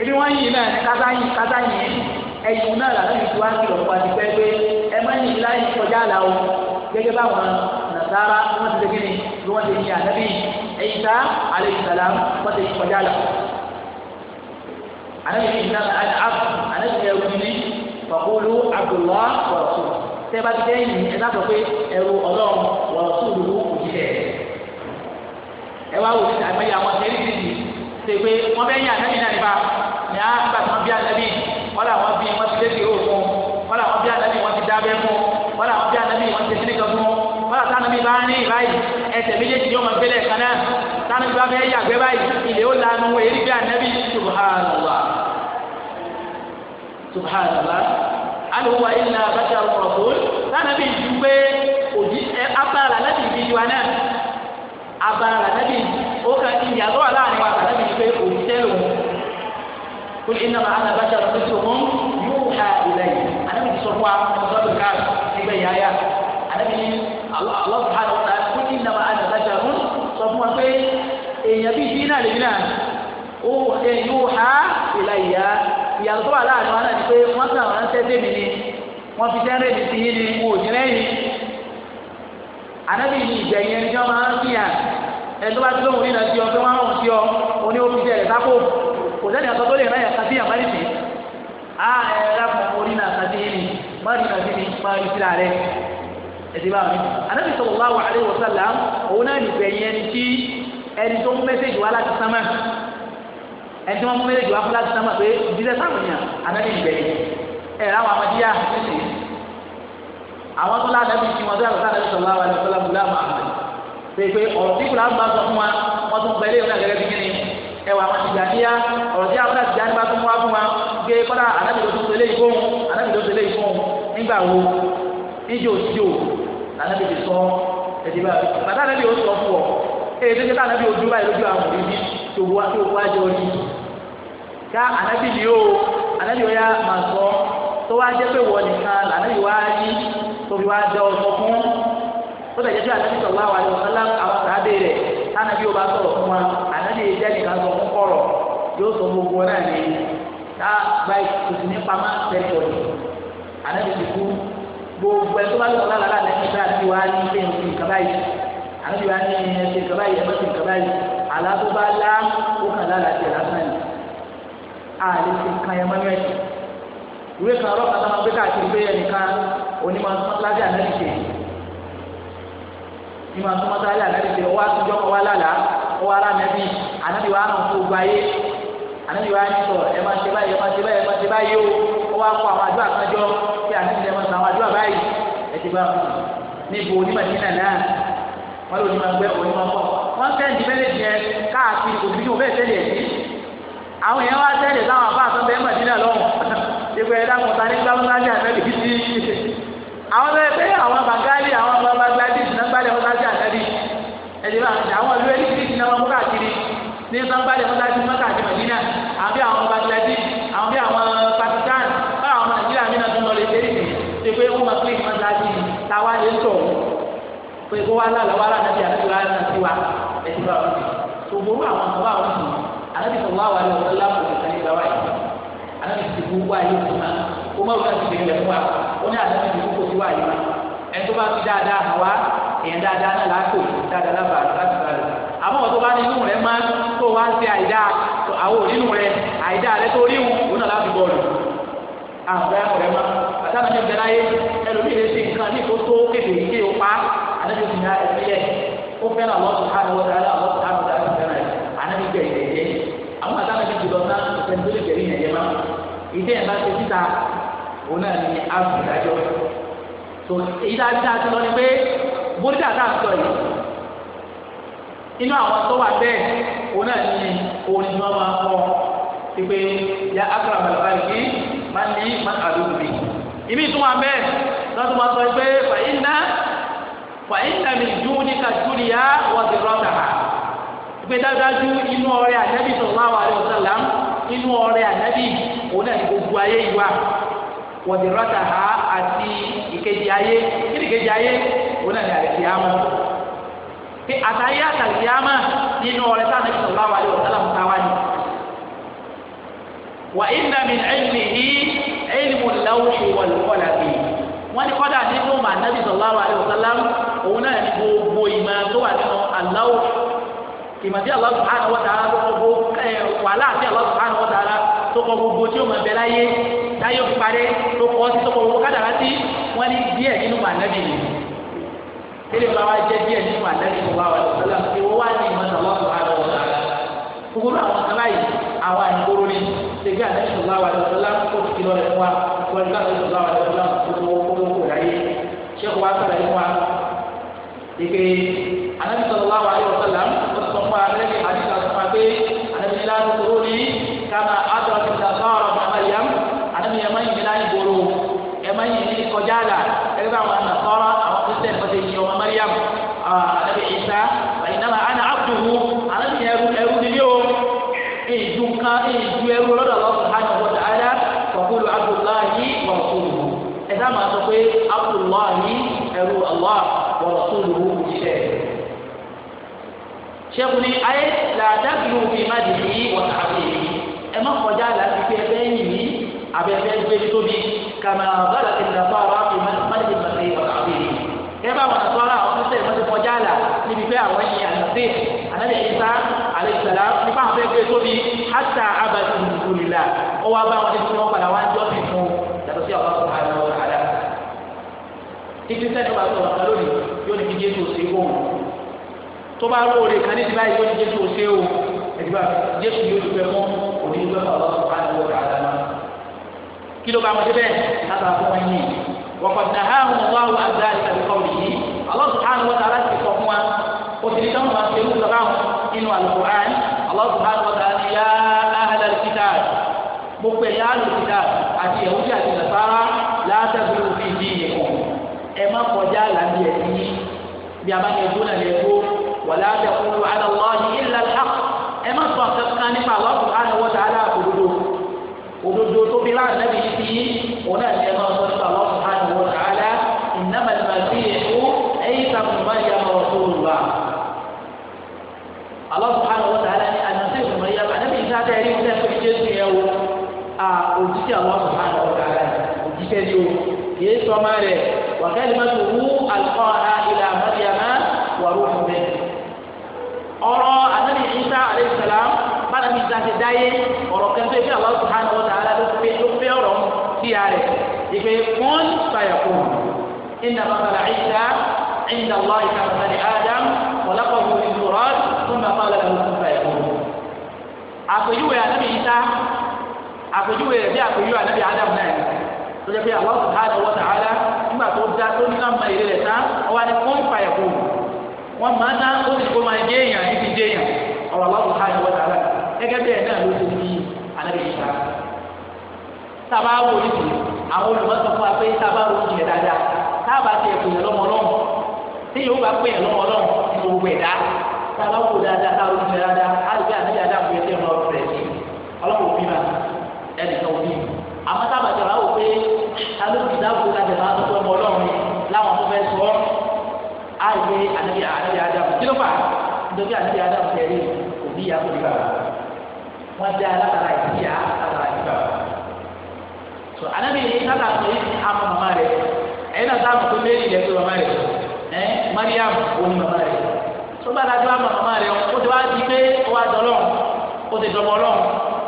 ibi wọn yìí náà ní kátá yìí kátá yìí ẹ̀yìn náà làwọn ìlú wa ti lọ́kọ́ àti pẹ́ pé ẹ má yìí láyé kọjá àlà o gẹ́gẹ́ báwọn nàzára wọ́n ti dégé ni bí wọ́n ti yin ànábì ẹ̀yìn tá alẹ́ ìsàlám wọ́n ti kọjá àlà. ànábì yìí náà ànábì ànábì yẹn wù ní fàkúlù Abdullah wọ̀ọ̀tù tẹ́ bá ti dẹ́ yìí ẹ dábọ̀ pé ẹrù ọlọ́run wọ̀ọ̀tù lù ú kò ṣe pé wọ́n bẹ́ yín ànábì náà nípa ní á gbà tí wọ́n bí ànábì wọ́n làwọn bí wọ́n ti lébi òòrùn fún wọ́n làwọn bí ànábì wọ́n ti dábẹ́ fún wọ́n làwọn bí ànábì wọ́n ti kíníkan fún wọ́n làwọn tánábì bá ń rìn báyìí ẹsẹ̀ méjèèjì ni ó máa gbélé ẹ̀ka náà tánábì bá fẹ́ yàgbẹ́ báyìí ilé ó lanu èyí bí ànábì subhanallah subhanallah aluwa illa bàtà rọ̀kùn tánábì ju pé òjì ẹ abala lànàbí ó ka ìyàtọ̀ wà láàrin wa lànàbí ni pé òṣìṣẹ́ lòun kó lè nàbà ànàbàjá lọ sí òun yóò ha ìlẹ̀ yìí ànàbí ti sọ fún wa ọ̀sán ló ká nígbà yà yà ànàbí ni alọ́ọ̀bù hàn ọ̀tá kó lè nàbà ànàbàjá lọ́n sọ fún wa pé èèyàn bíi bí náà lè bí náà ó yóò ha ìlẹ̀ yà ìyàtọ̀ wà láàrin wa náà ni pé wọ́n sàn wọ́n sẹ́ anabi ni ìjẹyìn ẹni tí wọn máa ń fi hàn ẹni tó bá tó wọn nínú ẹtí ọ pé wọn àwọn ti ọ oní òfin jẹ ẹrẹ sáko kò sẹ́ni àtọ tó lè rán yàtọ̀ sí àmàlì sí a ẹ̀rọ mọ orí náà kàdé yìí ni máa rí kàdé yìí máa rí síra rẹ ẹtì bá mi anabi sallallahu alaihi wasallam òun náà ní ìjẹyìn ẹni tí ẹni tó mú mẹsẹgì wá láti sámà ẹni tí wọn mẹsẹgì wá láti sámà pé jíjẹ sáwọn èèyàn anabi ìgbẹ̀yìn ẹ̀rọ àwọn àwọn tó láàdá bíi tiwọn tó yàtọ̀ sáàdá sọ̀rọ̀ àwọn àlùfọ́lá bùlá Muhammad ṣe pé ọ̀rọ̀ tí kùlá ń bá sọ fún wa wọ́n tún gbẹ́lẹ́ ìwé àgẹ́gẹ́ bí kíni ẹwà àwọn tìjàníyá ọ̀rọ̀ tí àwọn tìjàní bá tún wá fún wa gbé kọ́dà anábìlẹ̀ tó tẹ̀lé ìfóhùn anábìlẹ̀ tó tẹ̀lé ìfóhùn nígbà wo níjó tíjó lànàbìlẹ̀ sọ ẹ̀dí bá bàtà anábìlẹ̀ ó sọ fún ọ èyí tó ṣe tá anábìlẹ̀ ojú báyìí lójú àwọn òbí bí tó wá tó wá jọ ní ká anábìlẹ̀ ó anábìlẹ̀ ó yá màá sọ tó wá jẹ́ pé wọ nìkan lànàbìlẹ̀ wá yí tóbi wá dẹ ọsọ fún ó lè jẹ́ pé ànábì sọ̀rọ̀ wá wà ní ọ̀sán àwọn sàábé rẹ̀ ànábì yóò bá sọ̀rọ̀ fún wa ànábì yìí jẹ́ nìkan sọ fún kọ̀rọ̀ yóò sọ gbogbo náà ní ká gba ìtòsí ní pamọ́ tẹ̀tọ̀ ní ànábì ti kú gbogbo ẹ̀ tó bá lọ́kọ̀ lálàá ànábì sọ̀rọ̀ àti wá ní ilé ìsìn kaba yìí ànábì wá ní ẹsìn kaba yìí ẹ̀mọ́sìn kaba yìí àlàbùbá lá ó kàn lálàá tẹ̀ lásán àlè ti kàn yẹn mọ́nú onímọ̀ mọ́tàlásí ànábì ṣe ìmọ̀ tó mọ́tàlásí ànábì ṣe ọwọ́ àtúnjọ́ ọwọ́ alálà ọwọ́ ará ànábì ànábì wa hàn fún gbogbo ayé ànábì wa ní sọ ẹ máa ṣe báyìí ẹ máa ṣe báyìí ẹ máa ṣe báyìí o ọwọ́ akọ àwọn àdúrà kan jọ kí ànábì ṣe máa sọ àwọn àdúrà báyìí ẹ ti bá níbo onímọ̀ nínà náà wọ́n lé onímọ̀ gbẹ́ onímọ̀ pọ̀ wọ́n kẹ́hìndì mẹ́lẹ̀ jẹ káàkiri kò bíi òfẹ́ tẹ́lẹ̀ ẹ̀sìn àwọn èèyàn wá tẹ́lẹ̀ sáwọn àbá bẹ́ẹ̀ mọ̀ nínà lọ́wọ́ ìgbẹ́ ẹ̀dá kọ̀ọ̀ta ní gbàgbọ́n ẹ̀fẹ́ lè fi sí àwọn ọmọ ẹgbẹ́ àwọn bàgálì àwọn ọmọ bàgálì ìdìnnàgbàlẹ̀ mọ́tàjì àtàdì ẹ̀dẹ̀ bá àwọn ìlú ẹni kiri ìdìnnà wọn káàkiri ní sàgbàlẹ̀ mọ́tàjì mọ́tàjì mọ̀dínà àbí àwọn bàgálì àwọn bí àwọn Pakistan bá àwọn Nàìjíríà mìíràn tó ń lọ lè dé ìdè ṣe pé wọ́n máa pín mọ́tàjì táwa lè sọ pé kó wá lálẹ́ wá lánàá bí àdúgbò wa náà sí wa ẹ̀dẹ̀ bá wọn tó gbóró àwọn ọmọ àwọn ọmọ kó má wúlò àti ìdílé fún wa ó ní àdáni ìdílé kò sí wáyé ẹni tó bá fi dáadáa hàn wá èèyàn dáadáa náà láàkó dáadáa lábàá láti bá rẹ àmọ́ wọn tó bá ní inú rẹ máa tó wá sí àìdá àwọn òdínú rẹ àìdá rẹ tó rí wù ó náà láti bọ̀ọ̀lù àwọn ọ̀rẹ́ rẹ máa àtàwọn ẹni bẹ̀rẹ̀ ayé ẹlòmíì lè ṣe nǹkan ní kó tó kéde ìké o pa àdájọ́ ti ní ẹbí yẹ ó fẹ́ràn àwọn ọ̀sán àwọn ọ̀sán àwọn ọ̀sán àwọn ọ̀sán fẹ́ràn ẹ̀ ànábi gbẹ̀ àwọn àtàwọn ẹni ti lọ sáà ìfẹ́ òun náà ní àrùn ìdájọ́ tó èyí tá a ti dáa lọ ni pé bórídà tá a sọ yìí inú àwọn tó wà bẹ́ẹ̀ òun náà ní orin tí wọ́n máa ń kọ́ pípé ya akara balaba yìí máa ní máa àdúgbò mi ìmí ìtumọ̀ bẹ́ẹ̀ lọ́dún máa sọ pé fàyín náà fàyín náà mi dùn ní ka wọ́n ti rọ́ọ̀tà ha pé dájúdájú inú ọrẹ ànábì sallallahu alaihi wasallam inú ọrẹ ànábì òun náà ní gbogbo ayé yìí wọ̀dìrọ́tà ha àti ìkejì ayé kí ni ìkejì ayé òun náà ní àlìkìyàmà pé àtàyé àtàlìkìyàmà nínú ọ̀rẹ́ sáà nàbí sọ̀rọ̀ àwọn àlewọ̀ sálàmù táwa ni. wà ìnà mi ẹ̀mí ní ẹ̀mí lọ́wọ́ wọ̀lùkọ́lá bí wọ́n ní kọ́dà nínú mà nàbí sọ̀rọ̀ àwọn àlewọ̀ sálàmù òun náà ní gbogbo ìmọ̀ tó wà nínú aláwọ̀ ìmọ̀ tí Allah subhanahu wa tó kọ gbogbo tí ó máa bẹ láyé táyé ó parí tó kọ sí tó kọ gbogbo kádàrá sí wọn ní díẹ̀ nínú mànàbí yìí kílè bá wa jẹ díẹ̀ nínú mànàbí tó bá wà lọ́sọ̀lá ìwọ wá ní ìmọ̀nà wọn kò wá lọ wọn rárá gbogbo àwọn kan láyè àwọn àìkóró ni ṣègbè àdéhùn tó bá wà lọ́sọ̀lá kó ti kìlọ̀ sẹ́kù ni ayé làdákìlú fi má di sí wọ́tà àbẹ̀yẹ ẹ má kọjá láti fi ẹgbẹ́ yìí ní abẹ́fẹ́ gbé tóbi kàmá bàlá ti nà fọ́ àwọn àfi má di má di wọ́tà àbẹ̀yẹ ẹ bá wọn sọ ọ́nà àwọn sẹ́yìn wọ́n ti kọjá là níbi fẹ́ àwọn yìí ànàfẹ́ ànàbẹ̀ ìsá àlẹ́sàlá nípa àwọn fẹ́ gbé tóbi hàtà abàtì nìkúlìlà ó wá bá wọn ti fi wọn padà wá jọ́ fún yàtọ̀ sí àwọn ọ̀sán tó bá rú òde kan ní ti báyìí tó ní jésù òṣè o ẹ̀dùbà jésù yóò dúpẹ́ mọ́ òní ló bá wà lọ́wọ́ àti wọ́n kàdá náà. kí ló bá wọn débẹ̀ lábàá fún wọn yìí wọ́n kọ́ ní àhàrùn wọn wá àgbà ìtàkùkọ̀ yìí Allah subhanahu wa ta'ala ti sọ fún wa ó ti ní sọ́mu máa ṣe irú sọ́kà inú al-Qur'an Allah subhanahu wa ta'ala ya ahlal kitab gbogbo ẹ̀yà al-kitab àti Yahudi àti Nasara látàgbé òfin yìí ẹ̀kọ́ wàlá àtẹkùn àlọ lọ́ọ̀hìn ilẹ̀ àk ẹ má sọ kankan nípa Allah subhanahu wa ta'ala òdodo òdodo tó fi láàrin nàbí sí òun náà ní ẹ má sọ nípa Allah subhanahu wa ta'ala innamal masihu Isa ibn Maryam rasulullah Allah subhanahu wa ta'ala ní ànàtẹ́ ìfúnmọ́ yá bá nàbí ìsá tẹ́ ẹ̀rí ń fún Jésù yẹn o òjíṣẹ́ Allah subhanahu wa ta'ala òjíṣẹ́ ni o kì sọ máa rẹ̀ wàkẹ́lẹ́ mọ́tò wú alqaha ila ọ̀rọ̀ anabi isa alayhi salam bára mi ta ti dá yé ọ̀rọ̀ kẹntẹ fi Allah subhanahu wa ta'ala ló fi ló fi ọ̀rọ̀ mu sí ya rẹ̀ ìgbé kún fàyàkó inna masala isa inda Allah ika masali adam khalaqahu min turab thumma qala lahu kun fàyàkó. àpèjúwe anabi isa àpèjúwe rẹ̀ bí àpèjúwe anabi adam náà ló jẹ́ pé Allah subhanahu wa ta'ala nígbà tó dá tó ní ká mọ tán ọwọ́ ni kún fàyàkó. wọn máa ná ó ti kó máa jẹ èèyàn ní ti jẹ èèyàn ha ni wọ́n dára gẹ́gẹ́ bẹ́ẹ̀ náà ló ti di anábì ìṣá sábà wò ní ti àwọn olùmọ̀tò fún wa pé sábà wò ní jẹ dáadáa sábà ti ẹ̀kọ́ yẹn lọ́mọ lọ́mọ tí yóò bá pè wò ma òbí àìyé ànábì ànábì Ádámù kí ló fà nítorí ànábì Ádámù tẹ̀lé òbí ìyá kò ní bàbá wọn dá látara ìdíyà látara ìdíyà so ànábì látara pé àmọ́ màmá rẹ ẹ̀yin náà sáà mọ̀tò mẹ́rin ilẹ̀ pé màmá rẹ ẹ̀ Mariam òun màmá rẹ tó bá dájú àmọ́ màmá rẹ ó ti wá di pé ó wá dọ́lọ́ ó ti dọ́mọ́ ọlọ́run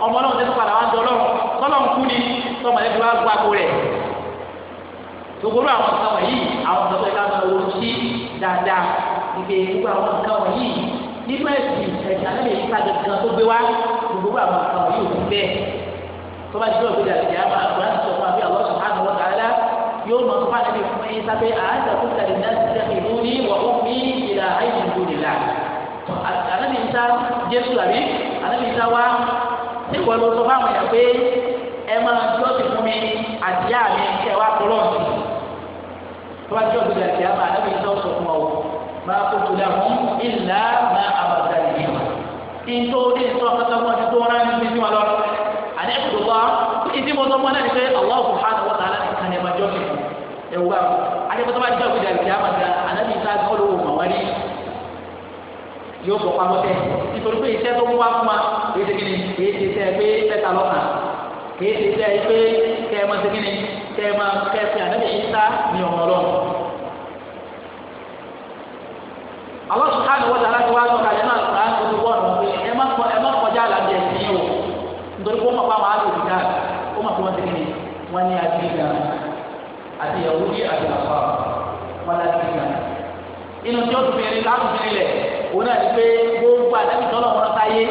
ọmọ náà tẹ́tọ́ padà wá dọ́lọ́ tọ́lọ́ ń kú ni tọ́mọ ẹ̀ fi wá gbàgbó rẹ̀ gbogbo àwọn ọ̀sán wọ̀nyí àwọn ọ̀sán tó yẹ ká dáadáa ìgbè gbogbo àwọn nǹkan wọ̀nyí nínú ẹ̀sìn ẹ̀sìn alẹ́ yìí ká gẹ̀gẹ̀ tó gbé wá gbogbo àwọn nǹkan wọ̀nyí ò gbẹ tó bá dúró gbéra ìjà máa gbọ́dọ̀ sọ fún àbí àwọn sọ̀rọ̀ àwọn ọ̀gá alá yóò mọ fún àlẹ́ fún ẹyin sábẹ́ àádọ́ tó tẹ̀lé náà ti tẹ̀ ìlú ní wọ́n mi ìlà àìsíkú nìlà alẹ́ mi ta Jésù àbí alẹ́ mi ta wá ṣé fún mi àti yá mi máa kó tó lẹ fún ìlà máa àbàtà yìí wọn. nítorí sọ kọ́tàkùn àti tó rán níbi tí wọn lọ. àní ẹ̀kọ́ wa ìdí mo sọ fún ẹ pé Allah subhanahu wa ta'ala nìkan ẹ̀ máa jọ́ mi. ẹ wá adébọ́tọ́ bá dìgbà gbèdà ìdí àmàgà ànábì ìta gbọ́dọ̀ wò wọ́n wálé yóò sọ pamọ́ tẹ nítorí pé iṣẹ́ tó ń wá fún wa kì í ṣe kíni wọ́n tààrà ti wá sọ ká yẹn náà sọ àti ojú bọ́ọ̀lù pé ẹ má kọ ẹ má kọjá àlàbí ẹ̀sìn yìí o nítorí pé ó mọ̀ pé àwọn àlòkù náà ó mọ̀ pé wọ́n ti ní wọ́n ní àdìgbà àti ìyàwó yí àti àpá wọn ládìgbà. inú tí ó tún fèrè láti fi lẹ̀ òun náà ti pé gbogbo àdábì tọ́lọ̀ wọn táyé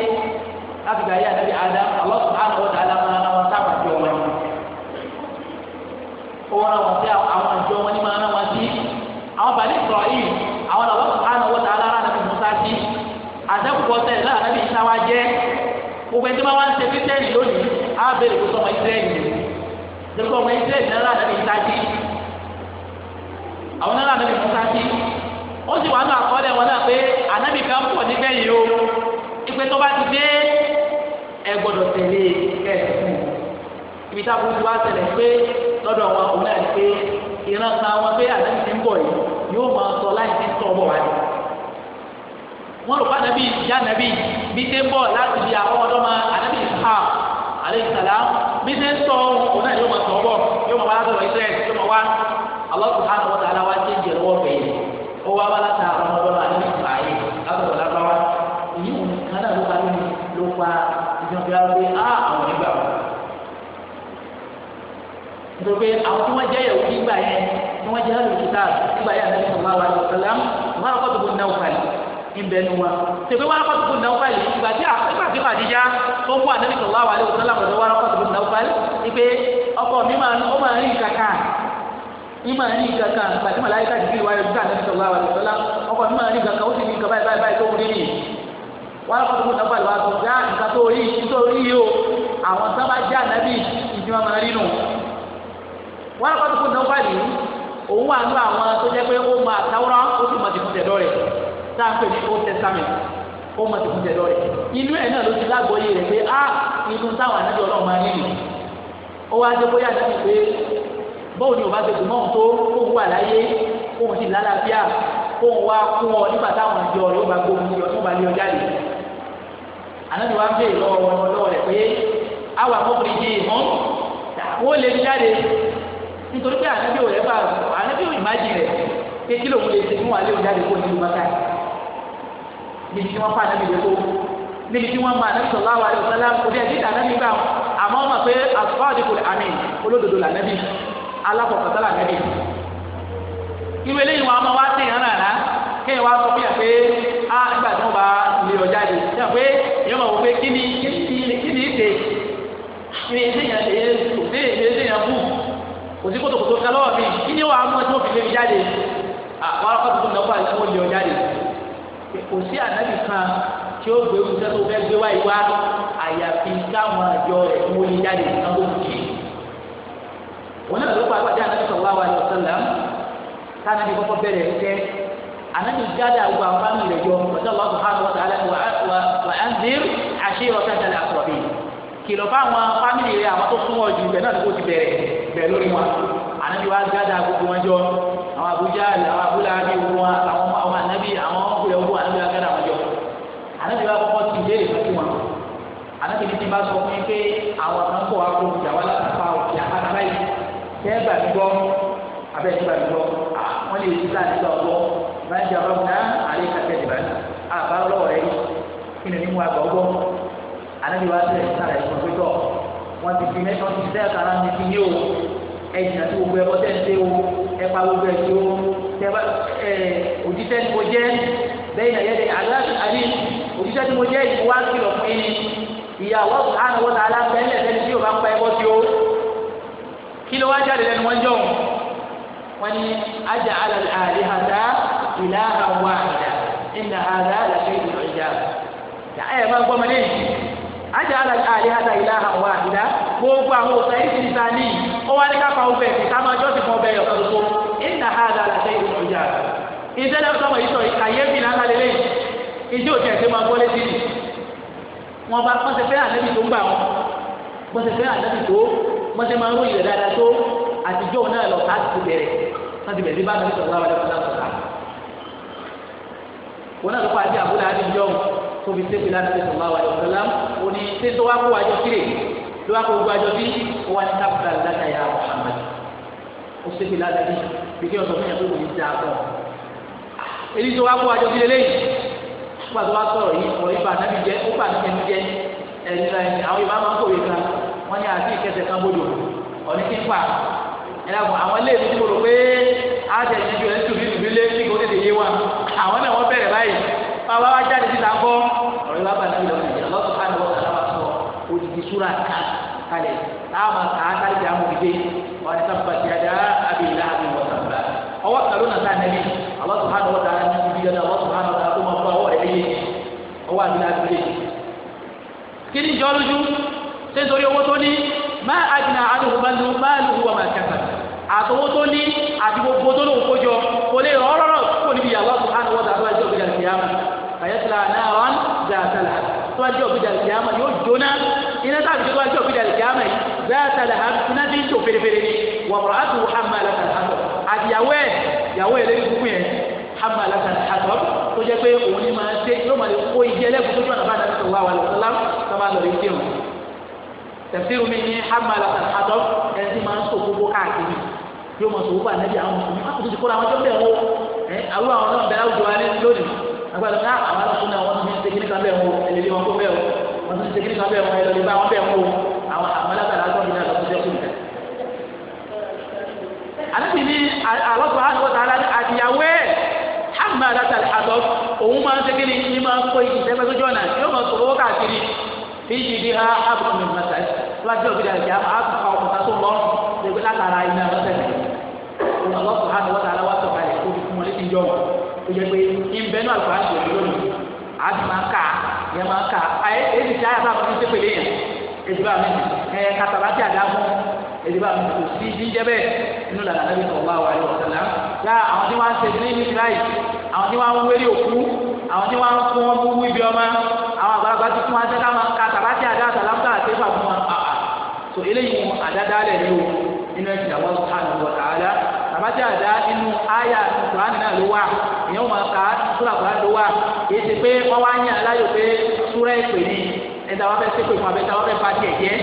láti gbà yé àdábì àdá àlọ́sùn àná wọ́n àwọn àjọ wọn ní máa ń wọn sí àwọn bàdé sọ̀rọ̀ yìí àwọn làwọn ìbáṣepọ̀ tẹ̀lé láàrin bí ìṣá wa jẹ́ gbogbo ẹni tó bá wá ń ṣe kírísítẹ́nì lónìí á bèrè kó sọmọ ìsírẹ́lì dèbò ọmọ ìsírẹ́lì náà láàrin bí ìṣá sí àwọn náà láàrin bí ìṣá sí ó sì wà ní àkọọ́lẹ̀ wọn náà pé ànábì kan pọ̀ níbẹ̀ yìí o ìpè tó bá ti dé ẹ gbọ́dọ̀ tẹ̀lé kẹ́ẹ̀kú ibi táwọn ojú wa ṣẹlẹ̀ pé lọ́dọ̀ wọn òun náà ni pé ìran kan wọn pé ànábì wọ́n rò fànàbí ìyá nàbí bí ṣe ń bọ̀ láti di àwọn ọ̀dọ́ ma ànábì ìhà alayhi salam bí ṣe ń sọ ohun kò náà yóò máa sọ bọ̀ yóò máa wá sọ̀rọ̀ israẹli yóò máa wá Allah subhanahu wa ta'ala wá ṣe ń jẹ lọ́wọ́ bẹ̀yẹ ó wá wá láta àwọn ọmọdé wa ní ìfààyè látọ̀tọ̀ lágbáwá èyí òun kan náà ló pa lóni ló pa ìjọba yàrá pé á àwọn nígbà wọn. nítorí pé àwọn tí wọ́n jẹ́ yẹ̀wò nígbà yẹn tí wọ́n jẹ́ àlùkìtà nígbà yẹn àti ìbẹ̀ ni wa tẹ̀fẹ́ wọn akọ́tù fún náwó báyìí ìgbà tí ìgbà tí Khadija tó ń bọ̀ ànábì sọ̀rọ̀ àwọn àlẹ́ òṣèlú àkọ́tù wọn akọ́tù fún náwó báyìí ìpè ọkọ mi máa ń rí kankan ìmọ̀ ní kankan pàtí màláyíká jìbìrì wáyé gbà ní sọ̀rọ̀ àwọn àlùfọ́lá ọkọ̀ ìmọ̀ ní kankan ó sì ní nǹkan báyìí báyìí báyìí tó wúlé nìyí. wọ́n á kọ́kọ́ nàbà lọ́wọ́ àtọ̀ já nǹkan tó rí tó rí yìí o àwọn sábà já nàbì ìdí wọn máa rí nù. wọ́n á kọ́kọ́ nàbà yìí òun wà nù testament ó mọ̀ tó kúndé lọ́rẹ̀ inú ẹ̀ náà ló ti lágbóyè rẹ̀ pé á ah, inú táwọn ànájọ ọlọ́run máa ń rìn ó wá dé bóyá níbi pé bóun ni ò bá ti gùn mọ́hún tó kóun wà láyé kóun sì lálàáfíà kóun wá kún ọ nígbà táwọn àjọ rẹ̀ ó bá gbóhùn sí ọ tó bá lé ọ jáde ànájọ wa ń béèrè lọ́wọ́ wọn lọ́wọ́ rẹ̀ pé àwọn àkọ́kùnrin yìí mọ́ wọ́n lè jáde nítorí pé ànábíò rẹ̀ bá ànábíò ìmájì rẹ̀ pé kí lòun lè ṣe fún wa lé òun jáde kó nínú bàtà yìí níbi tí wọ́n pa ànábì lóko níbi tí wọ́n ma ànábì sallallahu alaihi wasallam òbí ẹ̀dí ìdá ànábì gbà àmọ́ wọn pé as-sadiqul amin olódodo là ànábì alákọ̀ọ́kọ̀tà là ànábì. ìwé lẹ́yìn wọn a máa wá sí ìhàn àná kéèyàn wá sọ fún yà pé á ah, nígbà tí wọ́n bá lè ọjà yìí yà pé èèyàn máa wọ pé kí ni kí ni kí ni ìtè kí ni ìtèyàn lè òfé ìtèyàn kù òsì kótókótó kálọ́ mi kí ni wàá mú ẹtí wọ́n fi lé mi jáde àwọn akọ́tù tó ń lọ́kọ́ àti wọ́n lé ọ jáde kò sí ànábì kan tí ó gbé oúnjẹ tó fẹ́ gbé wáyé wá àyàfi káwọn àjọ rẹ̀ tó wọlé jáde nǹkan tó kù jì. wọn náà ló pa àgbàdo ànábì sọ̀rọ̀ àwọn àlọ́ sọ̀lá kánábì kọ́kọ́ bẹ̀rẹ̀ ẹ̀kẹ́ ànábì jáde àwọn àwọn fámì rẹ̀ jọ ọ̀dọ́ lọ́wọ́ sọ̀rọ̀ àwọn ọ̀dọ́ alẹ́ wà á ń dín àṣírí ọ̀sẹ̀ tẹ̀lé àtọ̀bí kìlọ̀ fáwọn fámìlì rẹ̀ àwọn tó súnmọ́ ju bẹ́ẹ̀ náà ló ti bẹ̀rẹ̀ bẹ̀ẹ̀ lórí wọn ànábì wa jáde àgbogbo wọn jọ àwọn àbújá àwọn abúlé bá sọ fún mi pé àwọn kan kọ̀ wá kó ìjà wá látàkà òkè àpáta báyìí tẹ́ gbà mí gbọ́ abẹ́ ti gbà mí gbọ́ wọ́n lè ti láti gbà ọgbọ́ máa ń jẹ ọgbọ́n náà àlẹ́ kàtẹ́ ìbá àbá lọ́wọ́ rẹ̀ kí ni nímú àgbà ọgbọ́ ànábi wa tẹ̀ sára ẹ̀sùn pé tọ̀ wọ́n ti fi mẹ́tọ́ ti sẹ́ àkàrà mi fi yé o ẹ̀jìnà gbogbo ẹ̀kọ́ tẹ̀ ń dé o ẹ̀pà gbogbo ẹ̀ tí ìyá àwọn sùhánù wọn tààlà bẹ́ẹ̀lẹ̀ sẹ́ni tí yóò bá pa ẹbọ tí ó kí ló wá jáde lẹ́nu wọn jọ̀hún wọn ni ajá alàlẹ́ àlẹ́ àdá ìlà àwọn àdá ìnà àdá làṣẹ ìlú ìjà ẹ̀ máa gbọ́ mọ́lẹ́ yìí ajá alàlẹ́ àlẹ́ àdá ìlà àwọn àdá gbogbo àwọn òsè yìí ti ta ní ó wá ní kápá ọbẹ̀ yìí ká máa jọ́sìn fún ọbẹ̀ yìí ọ̀sán tó ìnà àdá làṣẹ ìlú ìjà ìjẹ́lẹ̀ wọn bá wọn ṣe fẹ́ ànábì tó ń gbà wọn wọn ṣe fẹ́ ànábì tó wọn ṣe máa ń ròyìn dáadáa tó àtijọ́ náà lọ ká ti bẹ̀rẹ̀ wọn ti bẹ̀rẹ̀ bí bá ànábì sọ̀rọ̀ láwọn ẹ̀dá sọ̀rọ̀ ká wọn náà ló kọ́ àti àbúrò àdìjọ́ tó fi ṣe ìlànà ìṣẹ̀lẹ̀ láwọn ẹ̀dá sọ̀rọ̀ láwọn òní ṣé tó wá kó wájọ kírè ló wá kó wájọ bí wọn ní káfíńtà láta yà Muhammad ó wọn sọ fún nígbà tó bá sọ̀rọ̀ yìí ọ̀rọ̀ ibà nàbí jẹ́ ó bà nìkẹ́ níjẹ́ ẹ̀yìn ẹ̀yìn àwọn ibà máa ń kòwé kan wọ́n ní àti ìkẹsẹ̀ kan bójú ọ̀ní kí n pa ẹ̀dàgbọ̀n àwọn ilé ìlú tí mo rò pé á jẹ́ ìyẹ́jú ẹ̀ ń tùbí tùbí lé kí kò tètè yé wa àwọn náà wọ́n bẹ̀rẹ̀ báyìí bàbá wa jáde síta ń bọ́ ọ̀rọ̀ ibà bà nàbí lọ́wọ́ ìjẹ́ lọ́sọ̀ ká ní wọ́n kàlá wa sọ òdìdí súra ká kalẹ̀ táwọn kàá sáré jà mú ìdè wọn ni sábà ti àdá àbí ìlà àbí wọ́n sábà ọwọ́ kàló nà sáà nẹ́bí Allah subhanahu wa ta'ala ní ibi yẹn Allah subhanahu wa ta'ala ọwọ́ àdúrà sílẹ̀ kí ni ìjọ lójú ṣé nítorí owó tó ní má àdìnà àdùnkù bá lu má lu wà má kẹfà àtọwó tó ní àti gbogbo tó lóun kójọ kò lè rọ ọrọ kó níbi ìyàwó àtúntàn wọn tàbí àjọ òbí dàgbé àmà àyẹ̀tìlá náà wọn dàtàlà tó bá jẹ òbí dàgbé yóò jóná iná táàbí tó bá jẹ òbí dàgbé àmà yìí dàtàlà iná ti ń tò fèrèfèrè ni wàmùrà àti wàhámà àti yàwó ẹ̀ yàwó ẹ̀ lé hama alaka àtọ́ tó jẹ́ pé òun ni máa dé yóò máa lè kó ìjẹ́ lẹ́kùn tó jọ̀nà bá dàbí sọ̀rọ̀ àwọn àlùfáà tó máa lọ rí dìrùn tẹ̀síru mi ní hama alaka àtọ́ ẹni máa ń sọ gbogbo káàkiri yóò máa sọ gbogbo ànábì àwọn mùsùlùmí a kò tó ti kó àwọn tó bẹ̀ wọ́n àwọn àwọn náà bẹ̀rẹ̀ àwùjọ alẹ́ lónìí agbára ká àwọn àlùfáà náà wọ́n ti ń segin àti wọ́n ta máa dáta àtọ́ òun máa ń ṣe kíni ní máa ń kó igi sẹ́gbẹ́ sójú ọ̀nà yóò máa sọ̀rọ̀ wọ́n káàkiri fi ṣì di ha ábùkù mi màtà lọ́jọ́ òbí dàgbé ábùkù àwọn ọ̀tá tó lọ lẹ́gbẹ́ látara iná lọ́sẹ̀ ọlọ́sùn hàn wọ́n tààrà wọ́n sọ̀kalẹ̀ kó fi fún wọn létí ìjọ wọn tó pé ìbẹ́nu àlùfáà ń sọ̀rọ̀ lónìí èdìbò àmì ẹ kàtàbàtì àdàmú èdìbò àmì kò sí jíjẹ bẹ́ẹ̀ inú làlá nàbí sọ̀rọ̀ wà wà ní ọ̀sẹ̀lá yá àwọn tí wọ́n ń ṣe ní israẹli àwọn tí wọ́n ń wérí òkú àwọn tí wọ́n ń kún wọn búbú ibi ọmọ àwọn àgbàlagbà tí wọ́n ń ṣe kàtàbàtì àdá àtàlámùtà àti ìfà fún wọn àà so eléyìí mu àdáda lẹ̀ ní o inú ẹ̀sìn àwọn sùhánù wọ̀ tààlà tàbátì àdá inú àyà kùránì náà ló wà ìyẹn wọn kà á sùrà kùránì ló wà èyí pé wọn wá ń láyò pé súrẹ́ ìpè ní ẹ̀dá wa bẹ ṣépè fún abẹ́ta wa bẹ ba tiẹ̀ jẹ́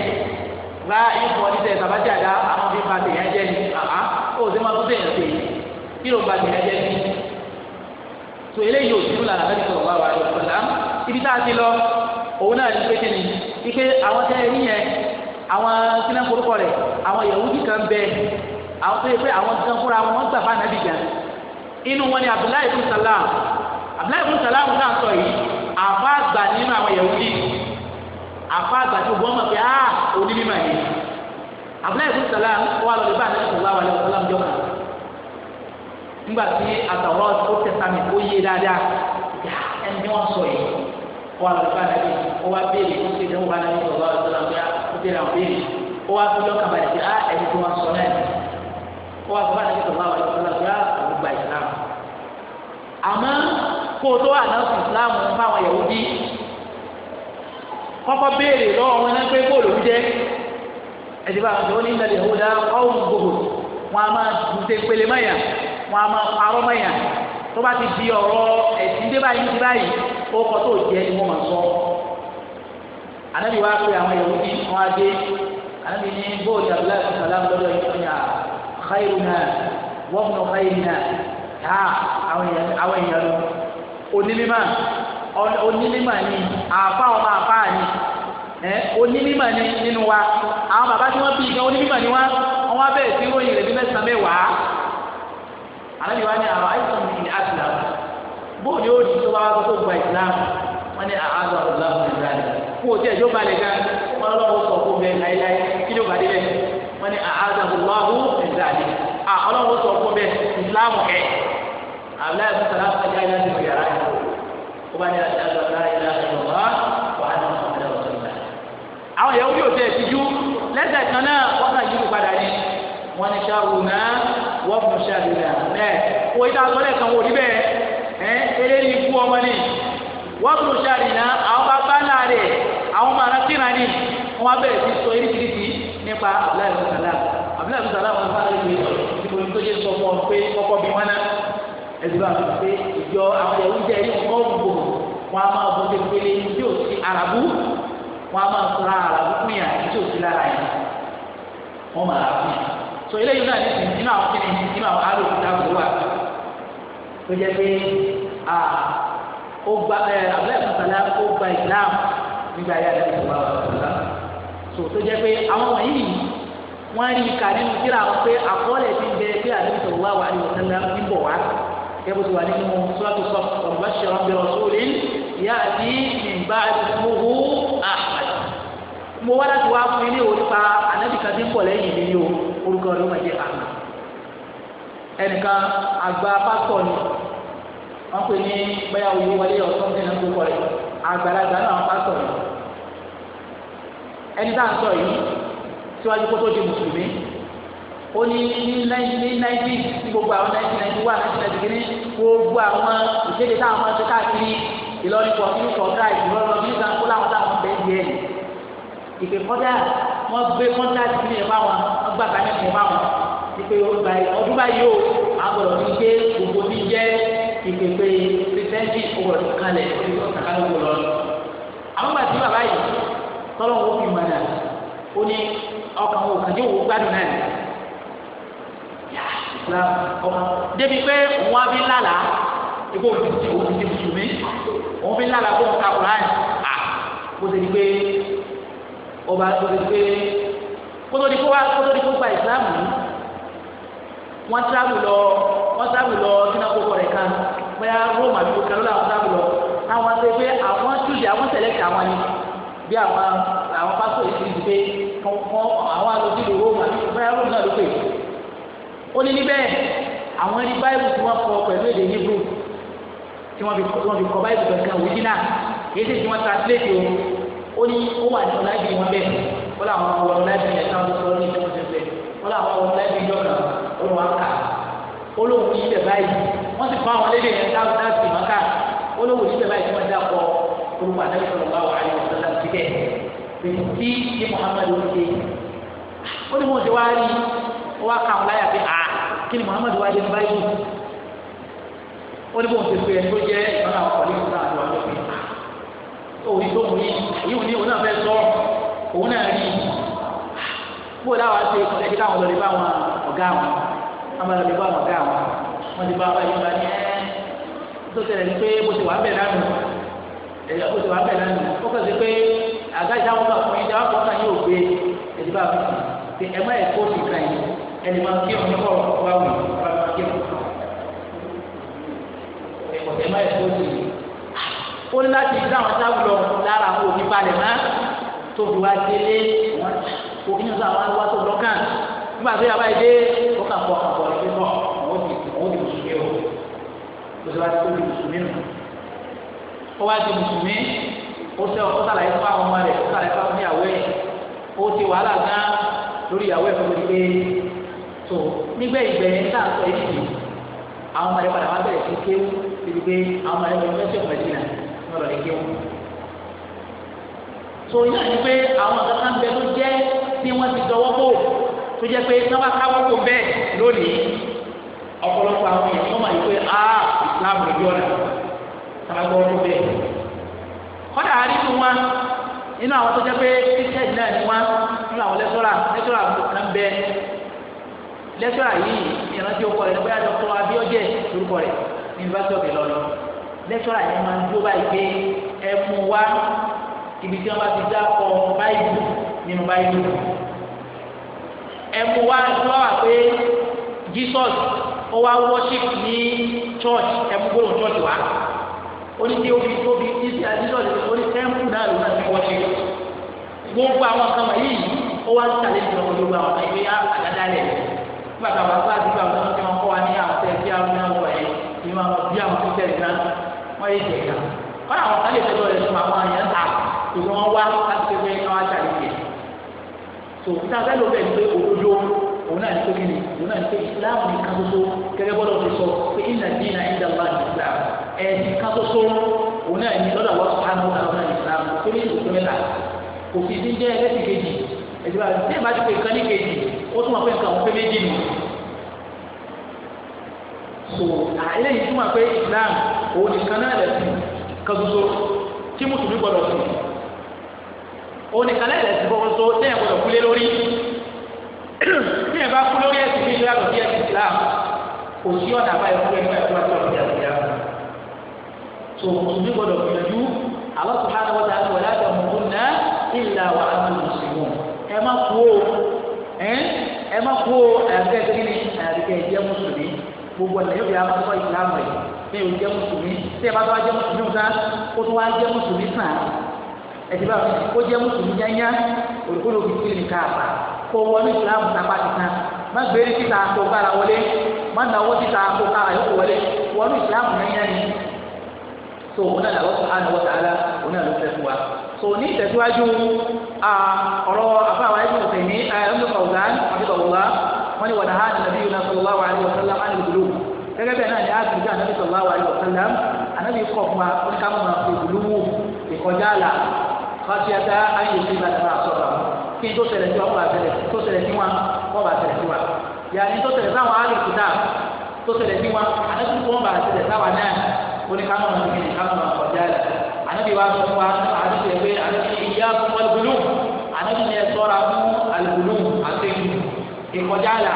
bá ìfọ̀ ní sẹ́yìn tàbá jàdá àwọn fi ba tiẹ̀ jẹ́ ni àhá ó sì máa tún sẹ́yìn sí kí ló ba tiẹ̀ jẹ́ ni. tó eléyìí ò sí fún làlá bẹ́ẹ̀ sọ̀rọ̀ wá wà lọ sọ̀rọ̀ ibi tá a ti lọ òun náà ní pé kí ni ike àwọn tẹ́ ẹ̀rí yẹn àwọn sílẹ̀ korúkọ rẹ̀ àwọn Yahudi kan bẹ àwọn tó yẹ pé àwọn kan fúnra wọn gbà bá nàbì jà inú wọn ni Abdullahi ibn Salam Abdullahi ibn Salam náà sọ yìí àfa àgbà nínú àwọn Yahudi àfa àgbàdo gbọ́n mọ̀ pé áà ah, òní mímọ̀ yìí abúlé ìlú sàlá wà lọ ìbá àti sàlá wà lọ sàlá ń jọba nígbà tí àtàwọn ó tẹ̀sán mi ó yé dáadáa ẹni tí wọ́n sọ yìí wà lọ ìbá àti ó wá béèrè ó ti dẹ́wọ́ bá náà ní sọ̀rọ̀ àti sàlá ń bẹ́ẹ̀ ó béèrè àwọn béèrè ó wá fi lọ́kàn balẹ̀ pé áà ah, ẹni tí wọ́n sọ náà ó wá fi bá àti sàlá wà lọ sàlá ń bẹ́ẹ̀ àwọn gba ìsìlámù àmọ́ kó o tó àná kọ́kọ́ béèrè lọ́wọ́ wọn náà pé bóòlù ń jẹ́ ẹ̀dí bá wọn ní ìlànà ìhòòhò dá ọ̀hún gbogbo wọn a máa dùnṣe pele mọ́yà wọn a máa parọ́ mọ́yà tó bá ti di ọ̀rọ̀ ẹ̀sìn dé báyìí ti báyìí ó kọ́ tó jẹ́ ni wọ́n máa sọ. ànábì wa pe àwọn ìyàwó bí wọn á dé ànábì ní bóòlù abúlé àti sàlámù lọ́dọ̀ ìfọ̀yà xayiruna wọ́n mú xayiruna àwọn èèyàn onímọ̀ onímọ̀ ni àfa ọmọ àfa ni ẹ onímọ̀ ni nínú wa àwọn bàbá tí wọ́n bí gan onímọ̀ ni wọ́n wọ́n bẹ̀rẹ̀ sí ròyìn rẹ̀ bí mẹ́sàn-án mẹ́wàá àlejò wa ni àwọn àìsàn mi ni àtìlá bóò ni ó di tó bá wá tó gba ìsìlámù wọ́n ní àádọ́ àdúrà fún ìgbà rẹ̀ fún òtí ẹ̀jọ́ balẹ̀ gan wọ́n lọ́wọ́ sọ fún bẹ́ẹ̀ láíláí kí ló bàdé bẹ́ẹ̀ wọ́n ní àádọ́ àdúrà fún ìgbà rẹ̀ à ọlọ́wọ́ sọ fún bẹ́ẹ̀ ìsìlámù ẹ̀ àbúlá ẹ̀fọ́ sọ̀rọ̀ àti ẹ̀jẹ̀ ó bá ní aṣáájú aláìlá ìrọ̀lá wà á ní ọ̀sán ọ̀sán ìgbà. àwọn ìyàwó yóò tẹ̀ ẹ̀sìn jú lẹ́sẹ̀ kan náà wọ́n kà yí padà ní wọ́n ní ṣáàrù náà wọ́n fún ṣáàrù náà bẹ́ẹ̀ wọ́n ìta sọ́lẹ̀ kan wò rí bẹ́ẹ̀ ẹ́ eré ní ikú ọmọ ní wọ́n fún ṣáàrù náà àwọn bá bá náà rẹ̀ àwọn ọmọ arákìnrin ní wọ́n wá bẹ̀rẹ̀ sí sọ irisirisi nípa abúlé àbúsàlá abúlé àbúsàlá wọn fún àlejò ìbòmí tó ṣe sọ fún ọ pé kọ́kọ́ bí wọn náà ẹ̀dùn àti pé ìjọ àwọn ẹ̀wù jẹ́ ẹ̀rí ọkọ̀ ògbò wọn a máa bọ́ pépélé tí ò sí arabu wọn a máa sọ̀rọ̀ arabu fún yà tí ò sí lára yẹn wọn máa fún yà so eléyìí náà nìsín nínú àwọn kíni nínú àwọn arò òkúta kò wà tó jẹ́ pé a ó gba ẹ abúlé àkàtàlá ó gba Islam nígbà yà lẹ́yìn ìgbà wà lọ́la so tó jẹ́ pé àwọn wọ̀nyí wọ́n rí i kà nínú kíra wọn pé àkọọ́lẹ̀ ti bẹ kíra nínú wà wà ní ìwọ̀sán ń bọ̀ wá kẹ́bùsù wà nínú sọ́ọ̀tù sọ́ọ̀tù ọ̀gbà ṣẹ̀rọ̀ bí rọ̀ṣúlì yá àti ìgbà ìfowó Ahmad. mo wá láti wá fún ilé òní pa ànábì kan tí ń pọ̀ lẹ́yìn mi ní o orúkọ rẹ̀ wọ́n jẹ́ Ahmad. ẹnìkan àgbà pásítọ̀ ni wọ́n pè ní bẹ́yà òye wọlé ọ̀sán ní ẹ̀nà gbogbo rẹ̀ àgbàlagbà náà pásítọ̀ ni. ẹni tá à ń sọ yìí síwájú kó di mùsùlùmí ó ní ní náìjí ní gbogbo àwọn náìjí náìjí wà náìjí náìjí kìíní gbogbo àwọn ìkéde táwọn máa ń ṣe káàkiri ìlọrin pọ̀ kí pọ̀ gáà ìlọrin pọ̀ kí kan kó láwọn táwọn bẹ́ẹ̀ di ẹ̀ ìpè kọ́dà wọ́n gbé kọ́ńtàkì ní ẹ̀ fáwọn wọ́n gbà ká ní ẹ̀ fáwọn ìpè ọdún báyìí o àgbọ̀dọ̀ ní gbé gbogbo ní jẹ́ ìpèpè pípẹ́ǹtì ọgbọ̀dọ̀ kalẹ̀ ìlọrin lọ àwọn débi pé òun á fi lálàá ibo òun ti mùsùlùmí òun fi lálàá kó òun ka kùránì à kó tó di pé ọba tó di pé kó tó di kó wá kó tó di kó gba ìsìlámù yìí wọ́n tábù lọ wọ́n tábù lọ sínú àkókò rẹ̀ kan bóyá Róòmù àbí kan ló làwọn tábù lọ àwọn àti pé àwọn túlẹ̀ àwọn sẹ̀lẹ̀tì àwọn ni bí àwọn àwọn pásítọ̀ yìí ti di pé kọ́ àwọn àlọ́ sílùú Róòmù àbí bóyá Róòmù náà ló pè é ó ní níbẹ̀ àwọn ẹni báyìí tí wọ́n kọ pẹ̀lú èdè hebrew tí wọ́n fi kọ báyìí kankan original èyí tí wọ́n translate o ó ní ó wà ní ọ̀nà ìbí wọn bẹ́ẹ̀ wọ́n làwọn ọmọ wọn láti ẹ̀ náà ló sọ̀rọ̀ ní ìjọba tẹ̀sẹ̀ wọ́n làwọn ọmọ wọn láti ìjọba olùwà kà olóhùn ní ibẹ̀ báyìí wọ́n sì fún àwọn lédè yẹn táwọn náà sì máa kà olóhùn ní ibẹ̀ báyìí tí wọ́n dà pọ̀ olùkọ́ àdáyé sọ̀rọ̀ bá wà á yọ sọ́lá síbẹ̀ tí ní Muhammadu ṣe ó ní mo ti wá rí ó wá kà wọn láyà a kí muhammadu wá dé ní báyìí ó ní bóun ti pè é tó jẹ́ ìmọ̀lá ọkọ̀ ní ìmọ̀lá àti ọjọ́ pé a òun tó wù yìí èyí wù ní òun náà fẹ́ sọ òun náà rí bó láwa ṣe ìkọ̀lẹ́ kí káwọn lọ́ọ́ lè bá wọn ọ̀gá wọn wọn bá lọ́ọ́ lè bá wọn ọ̀gá wọn wọn ti bá wọn yìí wọn ní ẹ́ tó tẹ̀lé ní pé bó ti wà bẹ́ẹ̀ lánàá ẹ̀yà bó ti wà bẹ́ẹ̀ lánàá ó kàn sí pé àgájá wọn kà fún yín dáwọ́ kọ́ ẹni máa kí ọ̀hún kọ̀rọ̀ wá wù wá máa kí ọ̀hún ọ̀tẹ̀ máa ẹ̀kọ́ sí i. ó ní láti dá àwọn sábùlọ̀ lára àwọn òbí balẹ̀ mọ́ tóbi wá délé òkè náà sábà wá tó lọ́kàn nígbà tó yàrá ìdé ó kà pọ̀ àpọ̀ ẹgbẹ́ náà àwọn òbí àwọn òbí mùsùlùmí o ó sì wá tó bí mùsùlùmí nù. ó wá di mùsùlùmí ó sẹ́ ó sàlàyé fún àwọn ọmọ rẹ̀ ó sàlàyé fún àwọn ìyàwó ẹ̀ ó ti wàhálà gán lórí ìyàwó ẹ̀ fún mi pé So, nígbà ìgbẹ̀yìn tá a sọ yìí nìyí àwọn ọmọdé padà wá bẹ̀rẹ̀ sí kéwú ibi pé àwọn ọmọdé lọ fẹ́ sọ̀rọ̀ ìdílà wọn lọ lè kéwú. tó yín àti pé àwọn àgbàkan ń bẹ tó jẹ́ bí wọ́n ti dọwọ́ bò tó jẹ́ pé náà bá káwọ́ bò bẹ́ẹ̀ lónìí ọ̀pọ̀lọpọ̀ àwọn èèyàn tó mọ̀ yìí pé a Islam ló yọ̀ ọ̀nà sàgbọ́ tó bẹ́ẹ̀. kọ́dà àríkù wọn nínú àwọn tó jẹ́ pé lẹ́tọ́ àyè ìrántí okọ̀ rẹ̀ bóyá dọ́kọ̀ abíọ́jẹ́ lórúkọ rẹ̀ ní yunifásitì lọ́lọ́ lẹ́tọ́ àyè máa ń dúró báyìí pé ẹ mú ibi tí wọ́n bá ti dá báyìí nínú báyìí ẹ mú wá lọ́wọ́ pé Jesus ó wá worship ní church ẹ mú gbóòrò church wá oníṣẹ́ omi tóbi ìṣẹ́ Jesus oní tẹ́ḿpù náà ló máa ti worship gbogbo àwọn kan wọ̀nyí ó wá ń tàlẹ́ nígbà tá a wà sáà nígbà tó ń fi wọn kọ́ wa ní àwùjọ ẹ̀kí àwọn ọmọ ẹ̀ ní wọn bí àwọn tó tẹ̀lé náà wọ́n yé jẹ̀ ká wọ́n àwọn kan lè fẹ́ lọ́ọ́ lẹ́sùn àwọn àyàn ta ìlú wọn wá láti fẹ́ káwá sàlẹ̀ jẹ̀ tó tábẹ́ ló bẹ̀ ń pé òdodo òun náà ní tó kí ni òun náà ní pé ìsìláàmù ní kátótó gẹ́gẹ́ bọ́dọ̀ ti sọ pé ìnà dínà ìdá bá ní ìsìláàmù ẹ̀sìn kátótó òun náà ní lọ́dọ̀ àwọn sùpánù àwọn náà ní ìsìláàmù tó ní ìlú tó kò fi sí jẹ́ ẹlẹ́sìn kejì ẹ̀sìn bá ti pè kán ní kejì ó tún máa pẹ́ nǹkan àwọn pé méjì nù so eléyìí tún máa pé Islam òun nìkan náà lẹ̀ sí kan ṣoṣo tí mùsùlùmí gbọdọ̀ sí òun nìkan náà lẹ̀ sí kan ṣoṣo téèyàn gbọdọ̀ kú lé lórí téèyàn bá kú lórí ẹ̀sìn bíi ìlànà bíi ẹ̀sìn Islam kò sí ọ̀nà àbáyọ fún ẹgbẹ́ ẹ̀kọ́ àti ọ̀nà ìyá so mùsùlùmí gbọdọ̀ gbìyànjú Allah subhanahu wa ta'ala wala tamutunna illa wa antum muslimun ẹ má kú o ẹ má kó ẹ̀ka kíni àríkẹ́ ìjẹ́ mùsùlùmí gbogbo ọ̀nà yóò fi àwọn ọmọ ìsìlámù yìí pé òun jẹ́ mùsùlùmí tí ẹ bá tó wá jẹ́ mùsùlùmí ọ̀tá kó tó wá jẹ́ mùsùlùmí sàn ẹ̀sìn bá kó jẹ́ mùsùlùmí yányá olùkóró fi kiri nìka àbá kó wọ ní ìsìlámù sábà ti tán má gbèrè títa kó kára wọlé má náwó títa kó kára yóò wọlé wọ ní ìsìlámù yányá ni tó òun náà làwọn sọ Ah, ọ̀rọ̀ àfáwà ẹ̀jẹ̀ ọ̀sẹ̀ ní ẹ̀mí kọ̀ọ̀gá àti kọ̀ọ̀gá wọ́n ní wàdà hàn nàbí yìí sallallahu alaihi wasallam á nílùú lò gẹ́gẹ́ bẹ́ẹ̀ náà ni àti ìjọ ànábì sallallahu alaihi wasallam ànábì kọ̀ fún wa ó ní ká máa fi ìlú wò ìkọjá àlà fásitì ata ayé ìlú ìbàdàn máa sọ̀rọ̀ kí n tó ṣẹlẹ̀ sí wọn bá ṣẹlẹ̀ tó ṣẹlẹ̀ sí wọn wọn bá ṣẹlẹ̀ sí wa yàrá tó ṣẹlẹ̀ sáwọn àlè kùtà tó ṣẹlẹ̀ sí wọn ànábì wọn bá ṣẹlẹ̀ sáwọn náà ó ní ká máa fi ìlú ká máa kọjá àlà ànábì wa sọ fún wa àdúgbò ẹgbẹ́ àdúgbò ìyá fún wọn gbólóhùn ní ẹ sọ́ra fún àlùkùlù àti ìkọjá àlà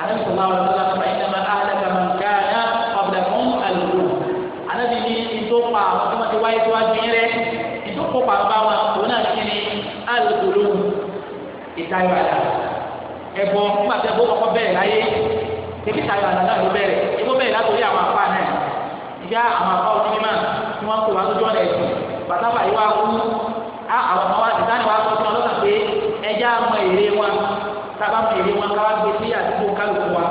àti sọ̀rọ̀ àwọn ọ̀sán àti ìdá máa àdá kà máa ká ẹ̀ ọ̀bẹ̀ fún àlùkùlù àti ní ìtòpà àwọn tí wọ́n ti wáyé tó wá bí rẹ̀ ìtòpà bá wọn òun náà ti ní àlùkùlù ìtayọ̀ àlà ẹ̀bọ nígbà tí ẹ̀bọ kọ́kọ́ bẹ̀rẹ̀ láyé ebi tayọ̀ àlà náà ló bẹ̀rẹ̀ ẹ̀bọ bẹ̀rẹ̀ látòrí àwọn àpá náà ìyá àwọn àpá òní bàtàbà yìí wá kú á àwọn ọmọ wa ìdáni wa sọ fún ẹja mọ èrè wọn sábà mọ èrè wọn káwá gbé sí àdúgbò kálukú wa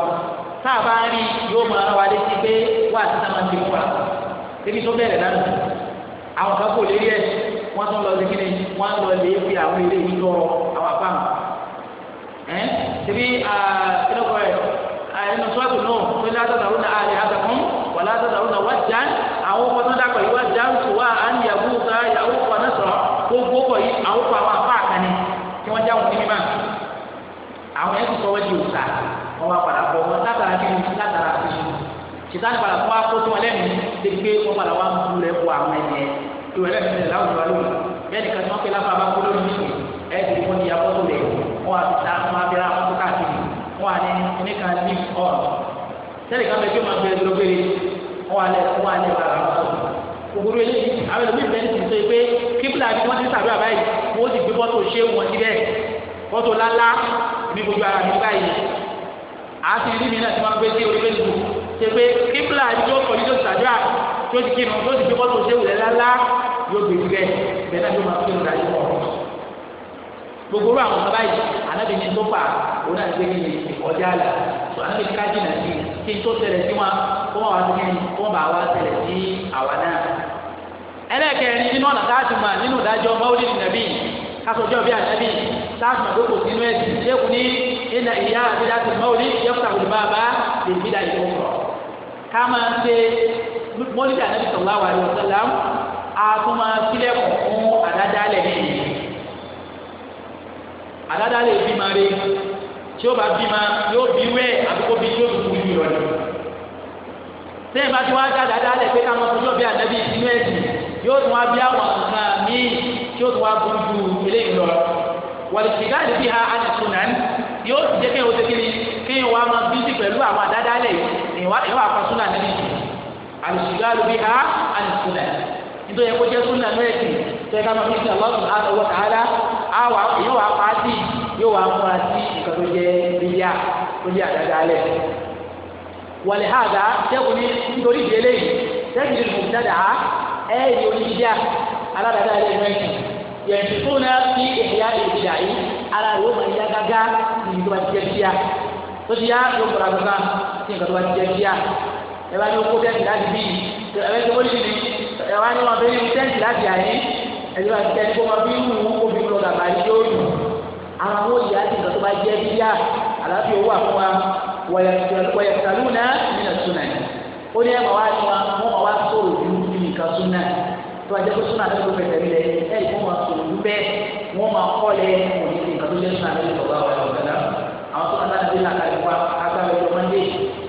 sábà rí yóò mọ ara wa lé sí pé wà á ti sábà ti fún wa ebi tó bẹ̀rẹ̀ lánàá àwọn kan kò lérí ẹ wọn tún lọ sí kíni wọn lọ lè fi àwọn eré yìí lọ́rọ̀ àwọn àbáwọn ẹ ṣebí ẹnìkọ ẹ ẹnu sọ́ọ̀tù náà tó ní látọ̀tà ọ̀run náà àlè àtàkùn wà látọ̀tà ọ̀run náà wájà àwọn ọkọ̀ máa padà bọ̀ wọn látara kí ni látara kí ni sitani padà fún akótó ọlẹ́ni dégbé wọn padà wà ń lẹ̀ wọ àwọn ẹ̀yẹ tó ẹlẹ́ni lẹ̀ láwùjọ wa lónìí bẹ́ẹ̀ ni kàtí wọn fi láfa bá kó lórí nìyí ẹ̀ ti wọn di abọ́tò lẹ̀ wọn àti ta wọn abẹ́rẹ́ akótó káàkiri wọn àni ní kan ní ọ̀ sẹ́ni kan bẹ́ẹ̀ tí wọn bẹ̀rẹ̀ lóbere wọn alẹ́ wọn alẹ́ bàrà wọn ògùrú eléyìí àwọn ẹlòmíì bẹ́ẹ̀ ti sọ pé kíbla ni wọ́n ti sàbí àbáyé wọ́n ti gbé bọ́tò ṣé wọn ti bẹ́ẹ̀ bọ́tò lálá ní gbogbo ara mi báyìí àti ìdí mi náà ti máa gbé sí orí facebook ṣe pé kíbla àti tó kọjú tó sàdúrà tó ti kírun tó ti fi kọ́ tó ṣe wùlẹ̀ lálá yóò gbé gbẹ bẹ́ẹ̀ náà yóò máa kírun dájú pọ̀ gbogbo àwọn ọmọ báyìí anabi ní tó fà òun náà gbé ní ìkọjá àlà tó anabi ká jìnnà sí kí n tó ṣẹlẹ̀ sí wọn kó wọn wá sí kí wọn bá wá ṣẹlẹ̀ sí àwa náà. ẹlẹ́kẹ̀rin nínú ọ̀nà tá a nínú ìdájọ́ mọ́wúlì nàbí kásọjọ́ bí táàmù àdókò sínú ẹ̀sìn ṣéèkù ní ẹ̀nà ìyá àbídá ti mọ́ òní yọ̀pọ̀ àwọn ìbá bá lè bí dáa ìlú rọ̀. ká máa ń ṣe mọ́lídà nàbí sallallahu alaihi wasallam á tún máa sílẹ̀kùn fún àdádálẹ̀ nìyí. àdádálẹ̀ bí máa rí tí ó bá bí máa yóò bí wẹ́ àdúgbò bí yóò dùn fún ìrọ̀ sẹ́yìn bá ti wá dá àdádálẹ̀ pé ká máa tún yóò bí àwọn wàlùsíkà lè fi ha àdìsùn náà yóò ti jẹ́ kéwòn tẹ́kẹ́lì kéwòn wa máa bí sí pẹ̀lú àwọn àdáda lẹ̀ ìwà àfasúnà níbi àlùsíkà lè fi ha àdìsùn náà nítorí ẹ̀kọ́ jẹ́ súnà mẹ́ẹ̀kì tẹ́ka máa fi sí Allah subhanahu wa ta'ala àwà yóò wá pa á sí yóò wá múra sí nǹkan tó jẹ́ bíyà tó jẹ́ àdáda lẹ̀ wàlẹ̀ ha àdá tẹ́kùn ní nítorí yẹnti fún náà fi ìyá ìdíyà yìí ara rẹ̀ ó máa yá gágá níbi tó bá ti jẹ́ bíyà tó ti yá yóò gbọ́dọ̀ àgbàgbà sí nǹkan tó bá ti jẹ́ bíyà ẹ bá ní o kó tẹ́ǹtì láti bí ẹ bá tó wọlé ní ẹ wá ní wọn bẹ ní tẹ́ǹtì láti àyè ẹ ti bá ti tẹ́ǹtì kó wọn bí wù ú kó bí lọ gàgbà yìí yóò lù àwọn àwọn òyìnbó àti nǹkan tó bá jẹ́ bíyà àlàáfíà owó àfún wa wọ̀yẹ̀kùtàlù náà ní ẹ̀ tó ajẹ́ pé súnà lẹ́nu fẹsẹ̀ rí lẹ̀ ẹ̀ ẹ̀ wọ́n máa sọ̀rọ̀ ju bẹ́ẹ̀ wọ́n máa kọ́ lẹ̀ òní ti nǹkan tó jẹ́ súnà lẹ́nu sọ̀rọ̀ àwọn ọ̀rọ̀ ọ̀gá àwọn tó kàtà níbi náà kàlí wa agbára ẹjọ́ mọ́ndé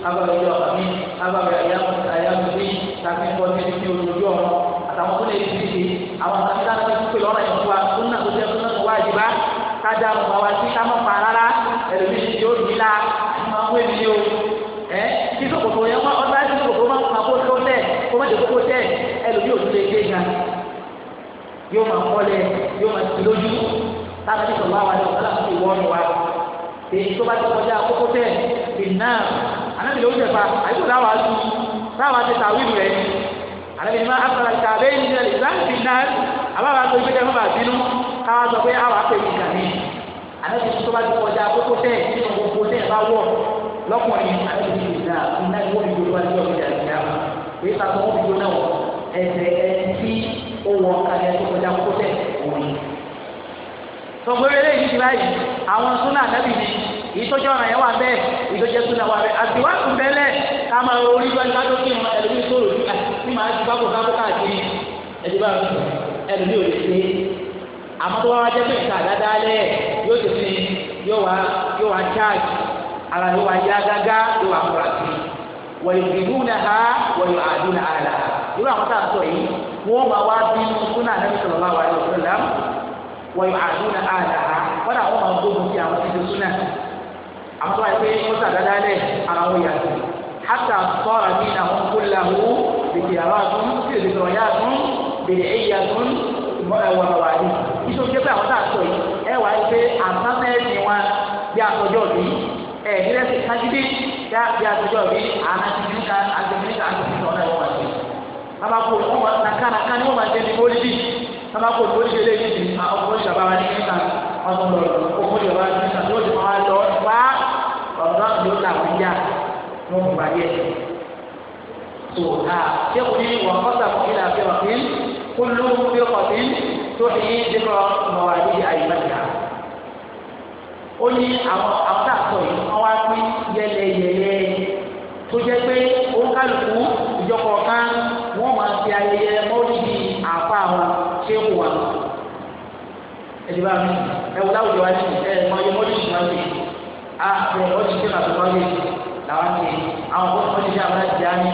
agbára ẹjọ́ àmì agbára ayámúdé tàbí kọ́ni ní olójú ọ̀rọ̀ àtàwọn tó lè fi ṣe àwọn àtàkì náà ti pè lọ́rọ̀ yẹn fún wa súnà tó jẹ́ súnà tó wá àjìbá kájà àwọn wa sí ká mọ̀ pa rárá ẹlòmíì ti yóò nílá máa ń wé mi ní o ẹ kí sòkòtò yẹn wọ́n ọ̀dọ́ àti sòkòtò máa ń pa kó tó tẹ̀ kó má dé kó tó tẹ̀ yóò tún lè gbé ga yóò máa kọ́lẹ̀ yóò máa ti lójú láti fi sọ̀rọ̀ àwọn àdéhùn láti fi wọ́n wa èyí tó bá ti kọjá kókó tẹ̀ ìná anábì ló ń jẹ̀fà àyíkò láwa tu láwa ti ta wíwù rẹ̀ anábì ní ma afọlá ta abẹ́ yìí nílẹ̀ láti iná àbáwá tó gbé dẹ́gbẹ́ bá bínú káwá sọ pé àwọn apẹ̀ yìí kàn ní anábì tó bá ti kọjá kókó tẹ̀ nínú gbogbo tẹ̀ bá wọ̀ lọ́kùnrin anábì ní ìná ìná ìwọ́n ìgbòho àti ọ̀gbìn àti ẹsẹ̀ ẹni tí ó wọ kalẹ̀ tó kọjá kótẹ́ òní. gbogbo eléyìí ti báyìí àwọn súnà àtàbí ni ìtọ́jú ọ̀ràn yẹn wà bẹ́ẹ̀ ìtọ́jú súnà wà bẹ́ẹ̀ àti wàá tún bẹ́lẹ̀ ká máa ro orí gbọ́dọ̀ ká tó kí wọn ẹ̀rọ ní sóòrò ní àti máa ti bá kó ká kó káàkiri ẹ̀dí bá ẹ̀rọ ní òde ṣe àmọ́ tó wá wá jẹ́ pé ìta àdáadáa lẹ̀ yóò ti fi yóò wá yóò wá charge ara yóò wá yá gágá yóò wá múra sí wọ̀nyí ìdúnà ha wọ̀nyí àdúnà àlà irú àwọn tá à ń sọ yìí wọ́n máa wá bí súnà nàbí sọ̀rọ̀ wá wà lọ́wọ́ lọ́wọ́ wọ́n yóò àdúrà àdá wọ́n dà wọ́n máa gbógun sí àwọn títí súnà àwọn tó wáyé pé wọ́n sàdádá lẹ̀ ara wọn yàtọ̀ hàtà sọ́ra bí àwọn kúlà wò bèbè àwọn àtún bèbè sọ̀rọ̀ yà àtún bèbè ẹ̀yà àtún wọ̀lọ̀wà ni iṣẹ́ òṣèlú àwọn tá à sọ yìí ẹ wà pé àtàmẹ́ẹ̀sì wọn bí àtọ́jọ́ bí ẹ̀ nílẹ̀ sí kájídé bí àtọ́jọ́ bí àná bàbá kò wọ́n máa nàkàràkà ni wọ́n máa jẹ́ ní mọ́lídì bàbá kò lórí ilé yìí ní ọkùnrin ìjọba wa ní níta ọdún lọ ọkùnrin ìjọba ní níta tó ti máa lọ wá ọ̀dọ́ ló là wọ́n yá ló ń gbà yẹ. tó a ṣéèkù ní wọn kọ́sà fún ilé àfẹ́ ọ̀fin kó ló ń fi ọ̀fin tó ní dẹ́kọ̀ mọ̀wálé àyíká ó ní àwọn àwọn àtọ̀ yìí wọ́n wá pín yẹlẹyẹlẹ tó jẹ́ pé ó kálukú ìjọkọ̀ọ̀kan wọ́n máa fi ayẹyẹ mọ́lìdì àpá wọn ṣé kù wọn. ẹ̀dí bá mi ẹ̀wù láwùjọ wa ní ẹ̀ mọ iye mọ́lìdì wọn ti a bẹ̀ ọ́ ti ṣe màtó mọ́lìdì làwọn ti àwọn kó ti mọ́lìdì àwọn láti jẹ́ àmì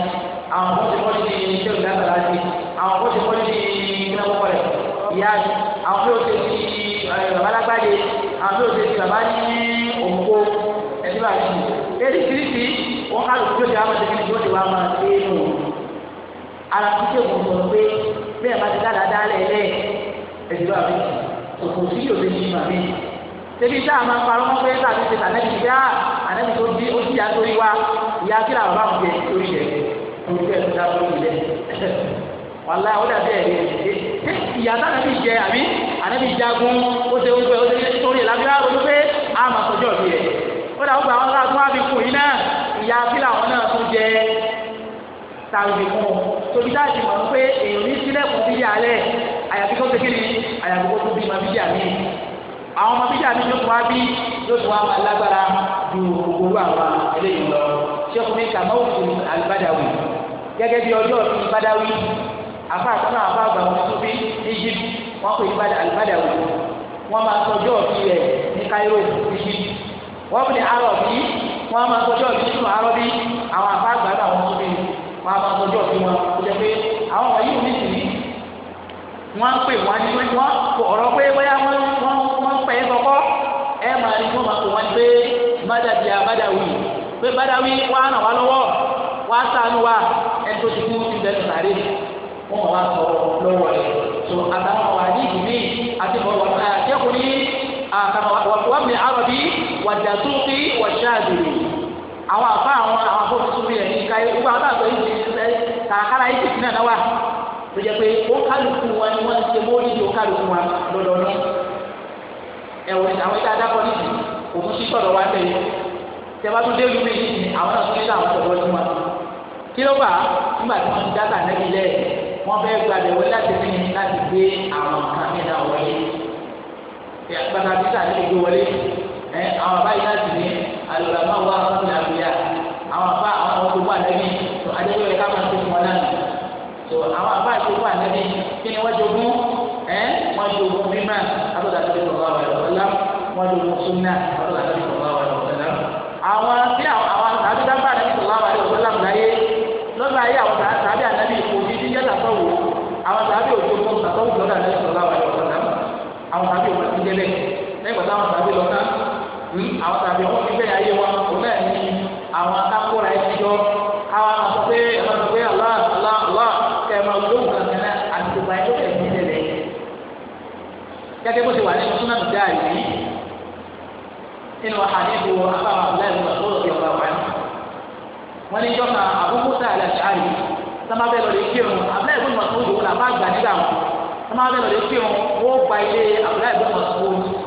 àwọn kó ti mọ́lìdì ṣé kù dáta láti àwọn kó ti mọ́lìdì kíná kọ́kọ́ rẹ̀ ìyá mi àwọn kó ti ti babalágbádé àwọn kó ti ti bàbá ní òmùkó ẹ̀dí bá mi ẹ̀dí kìrìsì wọn ara tó ṣe kòkò pé bẹ́ẹ̀ bá ti dáadáa dálẹ̀ lẹ̀ ẹ̀dùn àmì kòkò sí yóò lè ma mi. Ṣébi tá a máa parọ́ mọ́ pé tá a ti ṣe tànẹ́bí bí a ànẹ́bí tó di ó ti yá sórí wa ìyá kí làwọn bá ń jẹ lórí rẹ̀ lórí rẹ̀ tó dá lórí rẹ̀. Wàlá ó dàbí ẹ̀rí ẹ̀ ṣé ìyá tànẹ́bí jẹ àbí ànẹ́bí jagun ó ṣe gbogbo ó ṣe sórí ẹ̀ lábẹ́ àrùn pé a máa sọjọ́ bí rẹ̀. Ó dà ó gbà wọn láti wá fi kùn yín náà ìyá kí làwọn náà tún jẹ tàwùjì fún un tóbi táà ti mọ̀ ní pé èèyàn ní sílẹ̀kùn bíbí alẹ́ àyàfi kó ṣe kíni àyàfi kó tó bí ma bíbí àmì àwọn ọmọ bíbí àmì yóò tún wá bí yóò tún wá máa lágbára ju olú àwọn eléyìí lọ ṣẹ́kùn mi kà máa wù alibadawi gẹ́gẹ́ bí ọjọ́ ìbí badawi afa àtúnà afa àgbà wọn tó bí egypt wọn kò ìbada alibadawi wọn máa sọ ọjọ́ ìbí rẹ̀ ní cairo egypt wọn bìnrin arọ bí wọn máa sọ ọjọ́ ìbí nínú bí àwọn afa àgbà tó bí wọn á bá tọjọ́ sí wọn kó jẹ́ pé àwọn wọ̀nyí ò ní sì ní wọn á pè wọn ní wọn ọ̀rọ̀ pé bóyá wọn wọn pè é kọ́kọ́ ẹ máa ní wọn máa pè wọn pé bádàbíà bádàwí pé bádàwí wọn á nà wá lọ́wọ́ wọn á sànú wa ẹni tó ti kú ti bẹ̀rẹ̀ sàré wọn wá sọ lọ́wọ́ rẹ̀ tó àtàwọn wà ní ìdí míì àti bọ̀ wà ní àkẹ́kọ̀ọ́ ní àkàmọ̀ wà wà mí àrọ̀bí wà dàtúkì àwọn àfa àwọn àwọn afọ́fisùn bí ẹ̀yìn ká yẹ gbogbo àwọn àgbà yìí kàkàrà yìí ti náà wà tó jẹ pé ó kálukú wọn ni wọ́n ti ṣe mórí ní ó kálukú wọn lọ́dọọdún ẹ̀wọ̀n àwọn ìta adákọ̀ nìyí òun sí sọ̀rọ̀ wá tẹ̀lé tẹ̀wájú délu mi yìí àwọn náà tún ní àwọn sọ̀rọ̀ tí wọn. kí ló bá nígbà tí wọ́n ti dáta nẹ́bí lẹ̀ wọ́n fẹ́ gba àbẹ̀wò láti fi ní láti gbé àwọn kàmínà wọlé. bàtà bísà ní ẹ àwọn àbáyé láti ní alùpàá máa wá ọtí àbúyá àwọn àbá àwọn ọmọ tó wà lẹ́bí tó adéwé ká máa tó fún wọn náà tó àwọn àbá tó wà lẹ́bí kí ni wọ́n jogún ẹ wọ́n jogún mímà àtọ́jà tó sọ̀rọ̀ àwọn ẹ̀rọ wọn jogún súnà àtọ́jà tó sọ̀rọ̀ àwọn ẹ̀rọ wọn. àwọn tí àwọn àwọn tàbí àwọn ti bẹ́ẹ̀ ayé wa òun náà ní àwọn akákóra ẹ̀ jọ káwa máa sọ pé ẹ máa sọ pé Allah Allah Allah kẹ ẹ máa gbóhùn kankan náà àti gbogbo ayé lókè ní ilé rẹ̀ gẹ́gẹ́ bó ti wà nínú súnà nìjà yìí nínú àdébò abáwá abúláyé wà lọ́dọ̀ bí ọba wáyé wọ́n ní jọ́ka àbúkú tá àlẹ́ àṣáyé sábà bẹ́ẹ̀ lọ́dọ̀ ìkírun abúláyé wọ́n ní wọ́n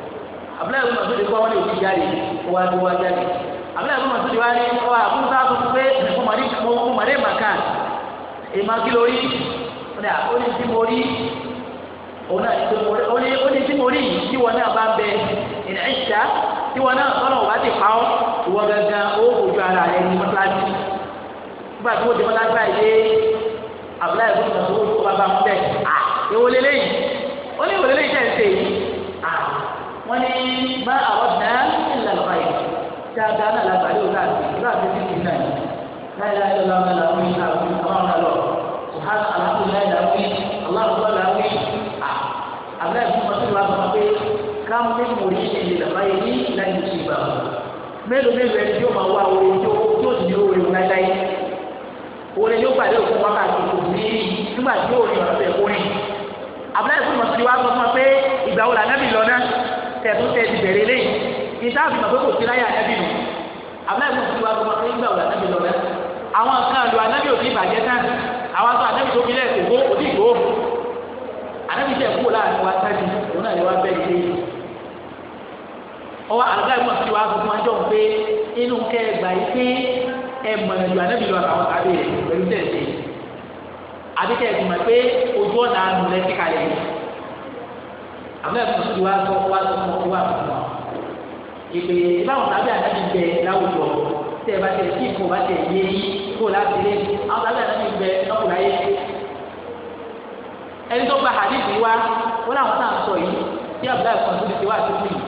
abúlé ìlú màsúdì kọ́ wọ́n lè fi jáde kó wá wá jáde abúlé ìlú màsúdì wá ní ọ àbúrúsá tó ti pé mo màdé màkà èèmà kí lórí ó ní tí mo rí òun náà ó ní tí mo rí yìí tí wọn náà bá ń bẹ ìnà ìṣá tí wọn náà tọ́nà ò bá ti pa ọ́ ìwọ gangan ó kojú ara rẹ ní mọ́tíláṣí nígbà tí mo dé mọ́tíláṣí báyìí dé abúlé ìlú màsúdì kó bá bá mú bẹ́ẹ̀ à ìwọlé ó ní ìwọlé tẹ̀ ń ṣe yìí à wọ́n ní má àwọn dáná ìlànà lọ́ba yìí dáadáa náà la gbàlẹ́ òun láti ìlú àti títí náà láyé láyé lọ́la wọn là wí àwọn àwọn àlọ́ sùhánà aláàbò láyé là wí aláàbò là wí àbẹ́ ìfúnpọ̀tò wa sọ pé káwọn mú orí ìṣẹ̀lẹ̀ lọ́ba yìí láyé ti bá wọn mélòó mélòó ẹni tí ó máa wá orin tó tó ní orin láyé orin yóò gbàlẹ́ òun wákàtí kò ní nígbà tí orin ọ̀sẹ̀ orin àbúlá ìfúnpọ̀tò wa sọ fún wa pé ìgbà wo làná tẹ̀tún tẹ̀ ti bẹ̀rẹ̀ lé yìí ìta àfihàn pé kò sí láyà ànábì nù àmọ́ ẹ̀kọ́ ti wá gbọmọ nígbà wò ànábì lọ rẹ àwọn kan lu ànábì òbí ìbàjẹ́ tán àwọn àtọ́ ànábì tó fi lẹ̀ kò kó òbí ìgbò ànábì tẹ̀ kú láàrin wa sáájú òun náà lè wá bẹ́ẹ̀ lé yìí ọwọ́ àlùkò ẹ̀kọ́ ti wá gbọmọ jọ pé inú kẹ́ ẹ gbà yìí pé ẹ mọ̀nà ju ànábì lọ àwọn tàbí pẹ̀lú tẹ̀sí àbíkẹ́ ẹ̀dùnmọ̀ pé ojú ọ̀nà àánú àmọ́ ẹ̀kọ́ tí wàá sọ wàá sọ fún wa fún wa ìpè ìbáwọn tàbí àdáni bẹ láwùjọ tẹ bá tẹ kí ìfowópamọ́ tẹ yé yí kó láti lé àwọn tàbí àdáni bẹ lọ́kùnrin ayé ẹni tó gba hadithi wa wọn làwọn náà sọ yìí tí abdullahi kan tó ti ti wá àtúntò yìí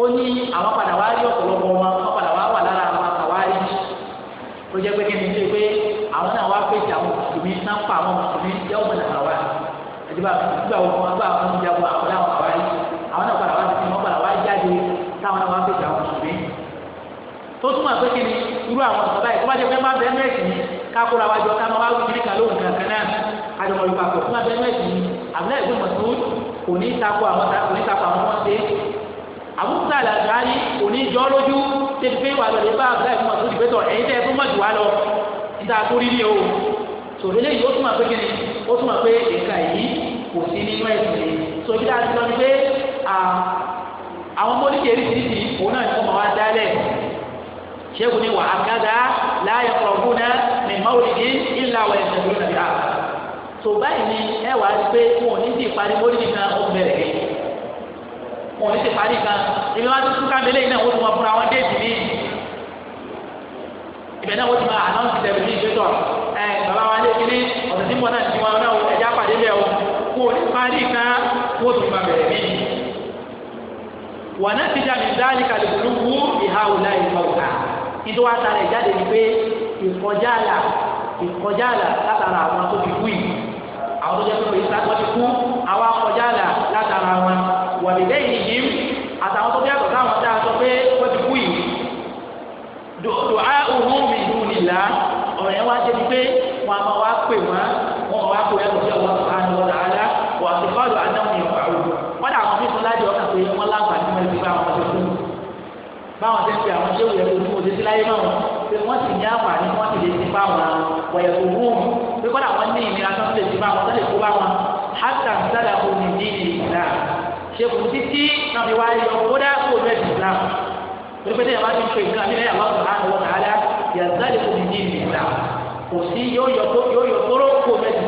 ó ní àwọn padà wá rí ọ̀pọ̀lọpọ̀ wọn wọn padà wá wà lára àwọn àwárí ó jẹ́ pé kí ni ṣe pé àwọn náà wá pèsè àwọn mùsùlùmí náà pa àwọn mùsùlùmí jẹ́ òmìnira wa ẹ̀dí bá gbà wọn àwọn náà padà wá sí wọn padà wá jáde táwọn náà wá ń pèsè àwọn mùsùlùmí tó túmọ̀ pé kí ni irú àwọn ọ̀sán báyìí tó bá jẹ́ pé má bẹ́ẹ̀ mẹ́ẹ̀sì ni kákóra wájú ọ̀tá máa wá wí kíríkà lóhùn kankan náà àjọmọ̀ yorùbá pọ̀ tó má bẹ́ẹ̀ mẹ́ẹ̀sì ni àbúlá ìgbé mọ̀tò kò ní takò àwọn kò ní takò àwọn wọn ṣe àbúkúta àlàkáyé kò ní jọ́ lójú tẹ́lifí pé wà lọ́lẹ́ bá àbúlá ìgbé mọ̀tò dìbẹ́tọ̀ ẹ̀yin tẹ́ ẹ fún mọ̀jù wá lọ níta ni ó túmọ̀ pé nǹkan yìí kò so ibi tá a ti lọ ni pé àwọn mọ́lìkì eréṣiríṣi òun náà kọ́ máa wá dálẹ̀ ṣẹ́gun ni wà á gága láàyè kọ̀ọ̀kún náà ní mọ́lìkì ìlà wà ẹ̀sẹ̀ ló nàbí à. tó báyìí ni ẹ wà á pé wọn ò ní ti parí mọ́lìkì kan ó bẹ̀rẹ̀ kẹ́ wọn ní ti parí kan ibi wọn ti túká mẹ́lẹ́ yìí náà wọ́n ti máa déètì ní ibẹ̀ náà wọ́n ti máa ànáǹsì tẹ̀lé ní ìgbésọ̀ ẹ bàbá wa ní wà náà ti jáde dáàlì kàlẹ́ pẹ̀lú wú ìhà òlà ìfọ̀ òkà nítorí wàá tara ìjáde ni pé ìkọjá àlà ìkọjá àlà látara àwọn tó ti kú yìí àwọn tó jẹ́ pé ìsá tó ti kú àwọn akọjá àlà látara wọn wà lè lẹ́yìn yìí àtàwọn tó yàtọ̀ sáwọn tá a sọ pé wọ́n ti kú yìí dòdò á òhun mi dùn nìlá ọ̀rẹ́ wa jẹ́ pé wọn a máa pè wọn wọn wá pè wọn lọ́sọ̀ọ́ báwọn ṣe ń pe àwọn ṣéwù yẹn kó oṣù síláyé máa wọn pé wọ́n sì ní àǹfààní wọ́n sì lè ti bá wọn wọ̀yẹ̀ kó wú wọn pé kọ́dà wọ́n ní ìnira tó lè ti bá wọn tó lè kó bá wọn hàtà ń sádà kó ní ní ìlà ṣèkù títí náà fi wá yọ kódà kó bẹ́ẹ̀ ti pé pété yàrá ti ń pe nǹkan nílẹ̀ yàrá tó hàn wọ́n kàálà yàrá lè kó ní ìlà kò sí yóò yọ kóró kó bẹ́ẹ̀ ti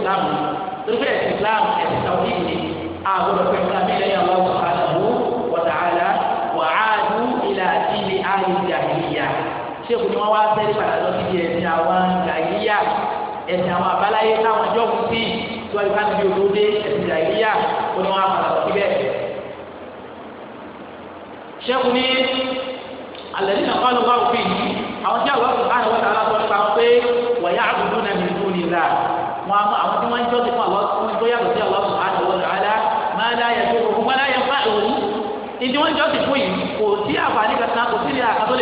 ṣéèkù ni wọ́n wá sẹ́yìn padà lọ síbi ẹ̀sìn àwọn gàìlíyà ẹ̀sìn àwọn àbáláyé táwọn ọjọ́ kù sí tó ẹ̀ka níbi olóde ẹ̀sìn gàìlíyà ó ní wọ́n á padà lọ síbẹ̀. ṣéèkù ni alẹ́ nínú ọ̀gá ló bá òfin yìí àwọn tí àwọn ọ̀gá àwọn ọ̀gá sọ nípa wọn pé wọ̀nyá àbùdó náà mi kú nílà wọn àwọn tí wọ́n ń jọ́ sí fún àwọn tó yàtọ̀ sí àwọn ọ̀gá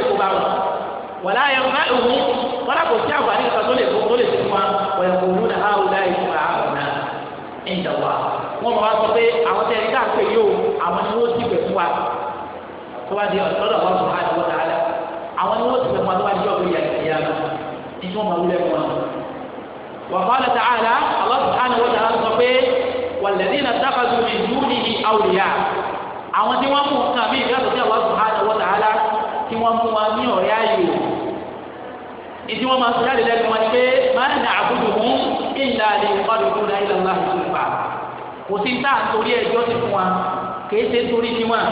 ìdí wọn wàlá ayọ̀ náà ìwú wọn kò sí àǹfààní nǹkan tó lè fún tó lè fún wa wọ́n yẹ kó wú náà áwù láì fún àwọn náà ẹ̀ ń dà wá wọn bá sọ pé àwọn tẹ̀lé tá pè yóò àwọn ni wọ́n ti pè fún wa tó bá di ọ̀dọ́ wọn sọ àti wọn dáadáa àwọn ni wọ́n ti pè fún wa tó bá di ọ̀dọ́ yàrá yàrá ní tí wọ́n máa wúlẹ̀ fún wa. وقال تعالى الله سبحانه وتعالى صفيه والذين اتخذوا من دونه أولياء àwọn tí wọ́n mú nǹkan mí ìgbà tó ti Allah subhanahu wa ta'ala kí wọ́n mú wa ní ọ̀rẹ́ ayò ìdí wọn máa sọ jáde lẹ́nu wọn ni pé máa ń àbújù fún ìlà àlè ìpàdé òkú náà ìlànà àtúnfà kò sí tá à ń torí ẹjọ́ ti fún wa kì í ṣe torí tiwọn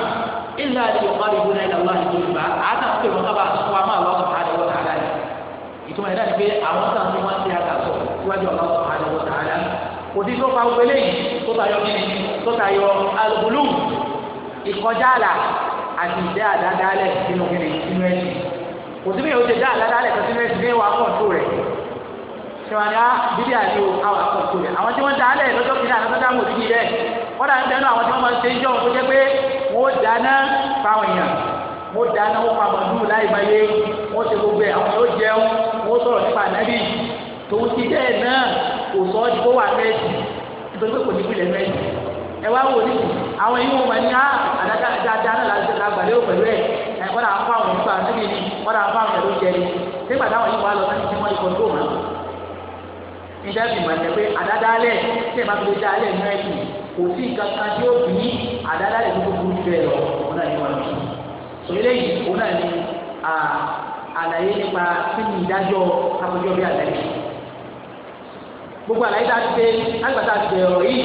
ìlà àlè ìpàdé òkú náà ìlànà àtúnfà àtàwọn pé wọn kábàá sọ àmọ́ àwọn ọmọ àlè wọn tààlà yìí ìtumọ̀ ẹ̀dá ni pé àwọn tàn ní wọn ti àgàsọ síwájú ọ̀la ọmọ àlè wọn tààlà kò sí tó fa gbélé àti ìdá àdádálẹ̀ sínú kiri sínú ẹ̀sìn kò sí bí yóò ṣe dá àdádálẹ̀ kan sínú ẹ̀sìn ní ìwà kọ̀ọ̀tù rẹ̀ sèwani ah, a bíbí àti o àwọn kọ̀ọ̀tù rẹ̀ àwọn tí wọ́n dá alẹ̀ lọ́jọ́ kìíní àti lọ́jọ́ àwọn òbí rẹ̀ wọ́n dà ń tẹnu àwọn tí wọ́n máa ń ṣe ń jọ̀wọ́ tó jẹ́ pé wọ́n dáná fáwọn èèyàn wọ́n dáná wọ́n pa màdúù láì máa yé wọ́n ṣe gbogbo ẹ̀ àwọn yóò jẹun wọ́n sọ̀rọ̀ nípa ànábì tòun ti bẹ́ẹ̀ náà kò sọ ọ́ di kó wà mẹ́ẹ̀sì nítorí pé kò ní ẹ wá wò ní àwọn èyí wọn ní ah, àdáda dáadáa náà láti ṣẹlẹ̀ àgbàlẹ òpè rẹ ẹ wọn làwọn fáwọn yìí fáwọn níbi ni wọn làwọn fáwọn yìí ló jẹ ni nígbà táwọn yìí wọn lọ sí ti wọn ikọ̀ tó wọn. níta fi mọ̀ ẹ́ pé àdáda alẹ́ tí ẹ bá fi lè dá alẹ́ nínú ẹ̀sìn kò sí nǹkan kan tí ó bí àdáda alẹ́ tó burú bẹ́ẹ̀ lọ òun náà ní wọn lọ sí. eléyìí òun náà ní àlàyé nípa kí ni ìdájọ́ bí àlàyé gbogbo àlàyé tá a ti ṣe àgbàtà àti ẹ̀rọ yìí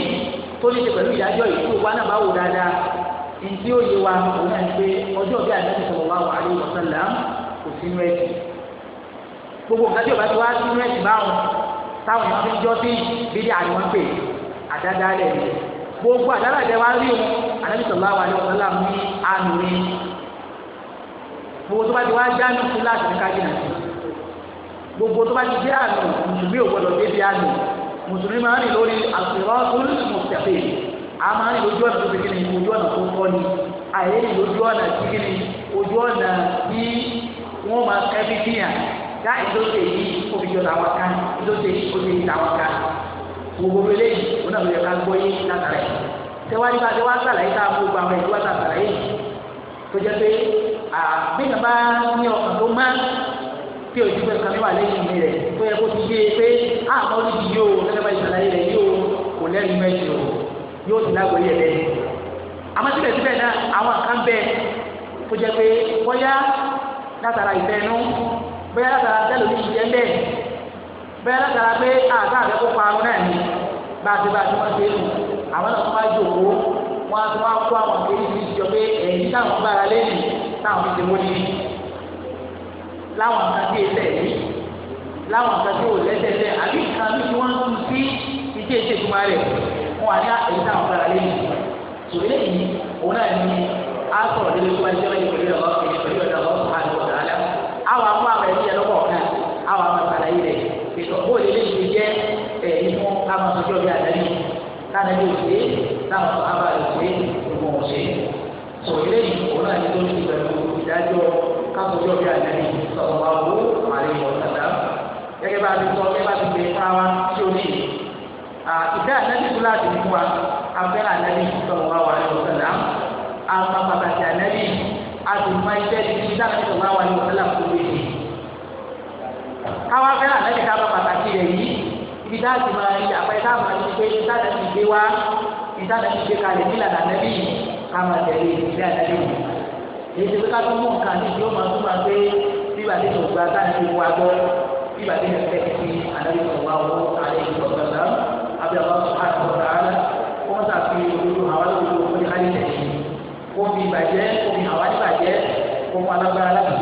tó ní ṣe pẹ̀lú ìdájọ́ ìlú wa náà bá wò dáadáa ntí ó yé wa òun náà pé ọjọ́ bí àdáni sọ̀rọ̀ wá wà á lè wọ̀ sọ́lá kò sínú ẹ̀sìn gbogbo nǹkan tí o bá ti wá sínú ẹ̀sìn báwọn táwọn èèyàn fi ń jọ́ sí bídí àríwọ̀n pè àdádálẹ̀ rẹ̀ gbogbo àdádálẹ̀ wa rí o àdáni sọ̀rọ̀ wá wà á lè wọ̀ sọ́lá ní àmì rẹ̀ gbogbo tó bá ti wá dánú sí láti ní kájí gbogbo tó bá ti dé àmì mùsùlùmí máa ń lori lórí àfìrọ́kùn mùsùlùmí a máa ń rìn lójú ọ̀nà tó fi kíni ojú ọ̀nà tó kọ́ ni àyè rìn lójú ọ̀nà tí kíni ojú ọ̀nà tí wọ́n máa kẹ́ bí kíyàn dá ìdóse yìí òbí jọ làwọn kan ìdóse yìí òbí jọ làwọn kan gbogbo eléyìí wọn náà ló yẹ ká gbọ́ yé látara yìí tẹwájú bá tẹwá sàlàyé ká gbogbo àwọn ìlú wa sàlàyé tó jẹ pé àbíkàbá ní ọkàn tó máa kí ojú pé nǹkan wà lẹ́yìn mi rẹ̀ kó yẹ kó ti gbé e pé àmọ́ níbi yóò gẹ́gẹ́ bá ìṣàlàyé rẹ̀ yóò kò lẹ́rìí mẹ́jì o yóò ti lágbo yẹ lẹ́yìn. àmọ́ síbẹ̀síbẹ̀ náà àwọn kan bẹ tó jẹ́ pé bóyá látara ìfẹ́nu bóyá látara tẹ́lẹ̀ omi ìjẹ́ bẹ́ẹ̀ bóyá látara pé àgbà àgbẹ̀ kó parun náà ni bá a ti bá a ti wọ́n ṣe é lù àwọn náà tó bá jòkó wọ́n á tó wá kó àwọn akéwì láwọn nǹkan tí èsè yìí láwọn nǹkan tí ò lẹ́sẹ̀sẹ̀ àbí nǹkan tí wọ́n tún sí ìdí èsè tó máa rẹ̀ wọn àní èyí táwọn gbára lé nìyí tó léyìí òun náà ní á sọ̀rọ̀ délé tó bá jẹ́ wáyé pẹ̀lú ọ̀gá ọ̀gbìn pẹ̀lú ọ̀gá ọ̀gbìn àti ọ̀gá àlá àwọn akọ àwọn ẹ̀mí ẹlọ́pọ̀ náà àwọn àwọn àtàlàyé rẹ̀ ètò òòlù lè ṣe jẹ́ ẹ̀yìn fún àwọn ọjọ́ bí àdáyé táwọn ẹbí òṣèré táwọn ọ̀gá àbá òṣèré gbogbo òṣèré tó léyìí òun náà ní tó ń ṣe pẹ̀lú ìdájọ́ káfọjọ bí àjẹbí sọ̀rọ̀ wa wò àlè ìwọ̀sàdá gẹ́gẹ́ bá a ti sọ gẹ́gẹ́ bá a ti gbé fún wa tí o ní ìfẹ́ àjẹbí tó láti fún wa afẹ́ àjẹbí sọ̀rọ̀ wa wà ní ìwọ̀sàdá àgbà pàtàkì àjẹbí a ti mọ iṣẹ́ ti fi dáná sọ̀rọ̀ wa wà ní ìwọ̀sàdá kó lè dé káwá fẹ́ àjẹbí ká bá pàtàkì rẹ̀ yìí ibi dáa ti máa yí àpẹẹrẹ táà máa ti gbé ìdáná ti gbé wa ìdáná ti gbé kalẹ̀ nílànà àjẹbí ká máa tẹ̀lé ìdílé àjẹbí èyí ti ká tó mú nǹkan ní ìdí ó máa tó máa pé bíbà tí kò gba ká ní ewu agbọ́ bíbà tí kò fẹ́ kí àdáyé kò wá owó àlẹ́ ìlú ọ̀gbọ̀nà abẹ́ ọ̀gbọ̀n sọ̀rọ̀ àti ọ̀gbọ̀n àlẹ́ kó wọ́n sàfi olódò àwọn olódò kó ní ká kó fi ìbàjẹ́ kó fi àwọn àdìbàjẹ́ kó fún alágbára láti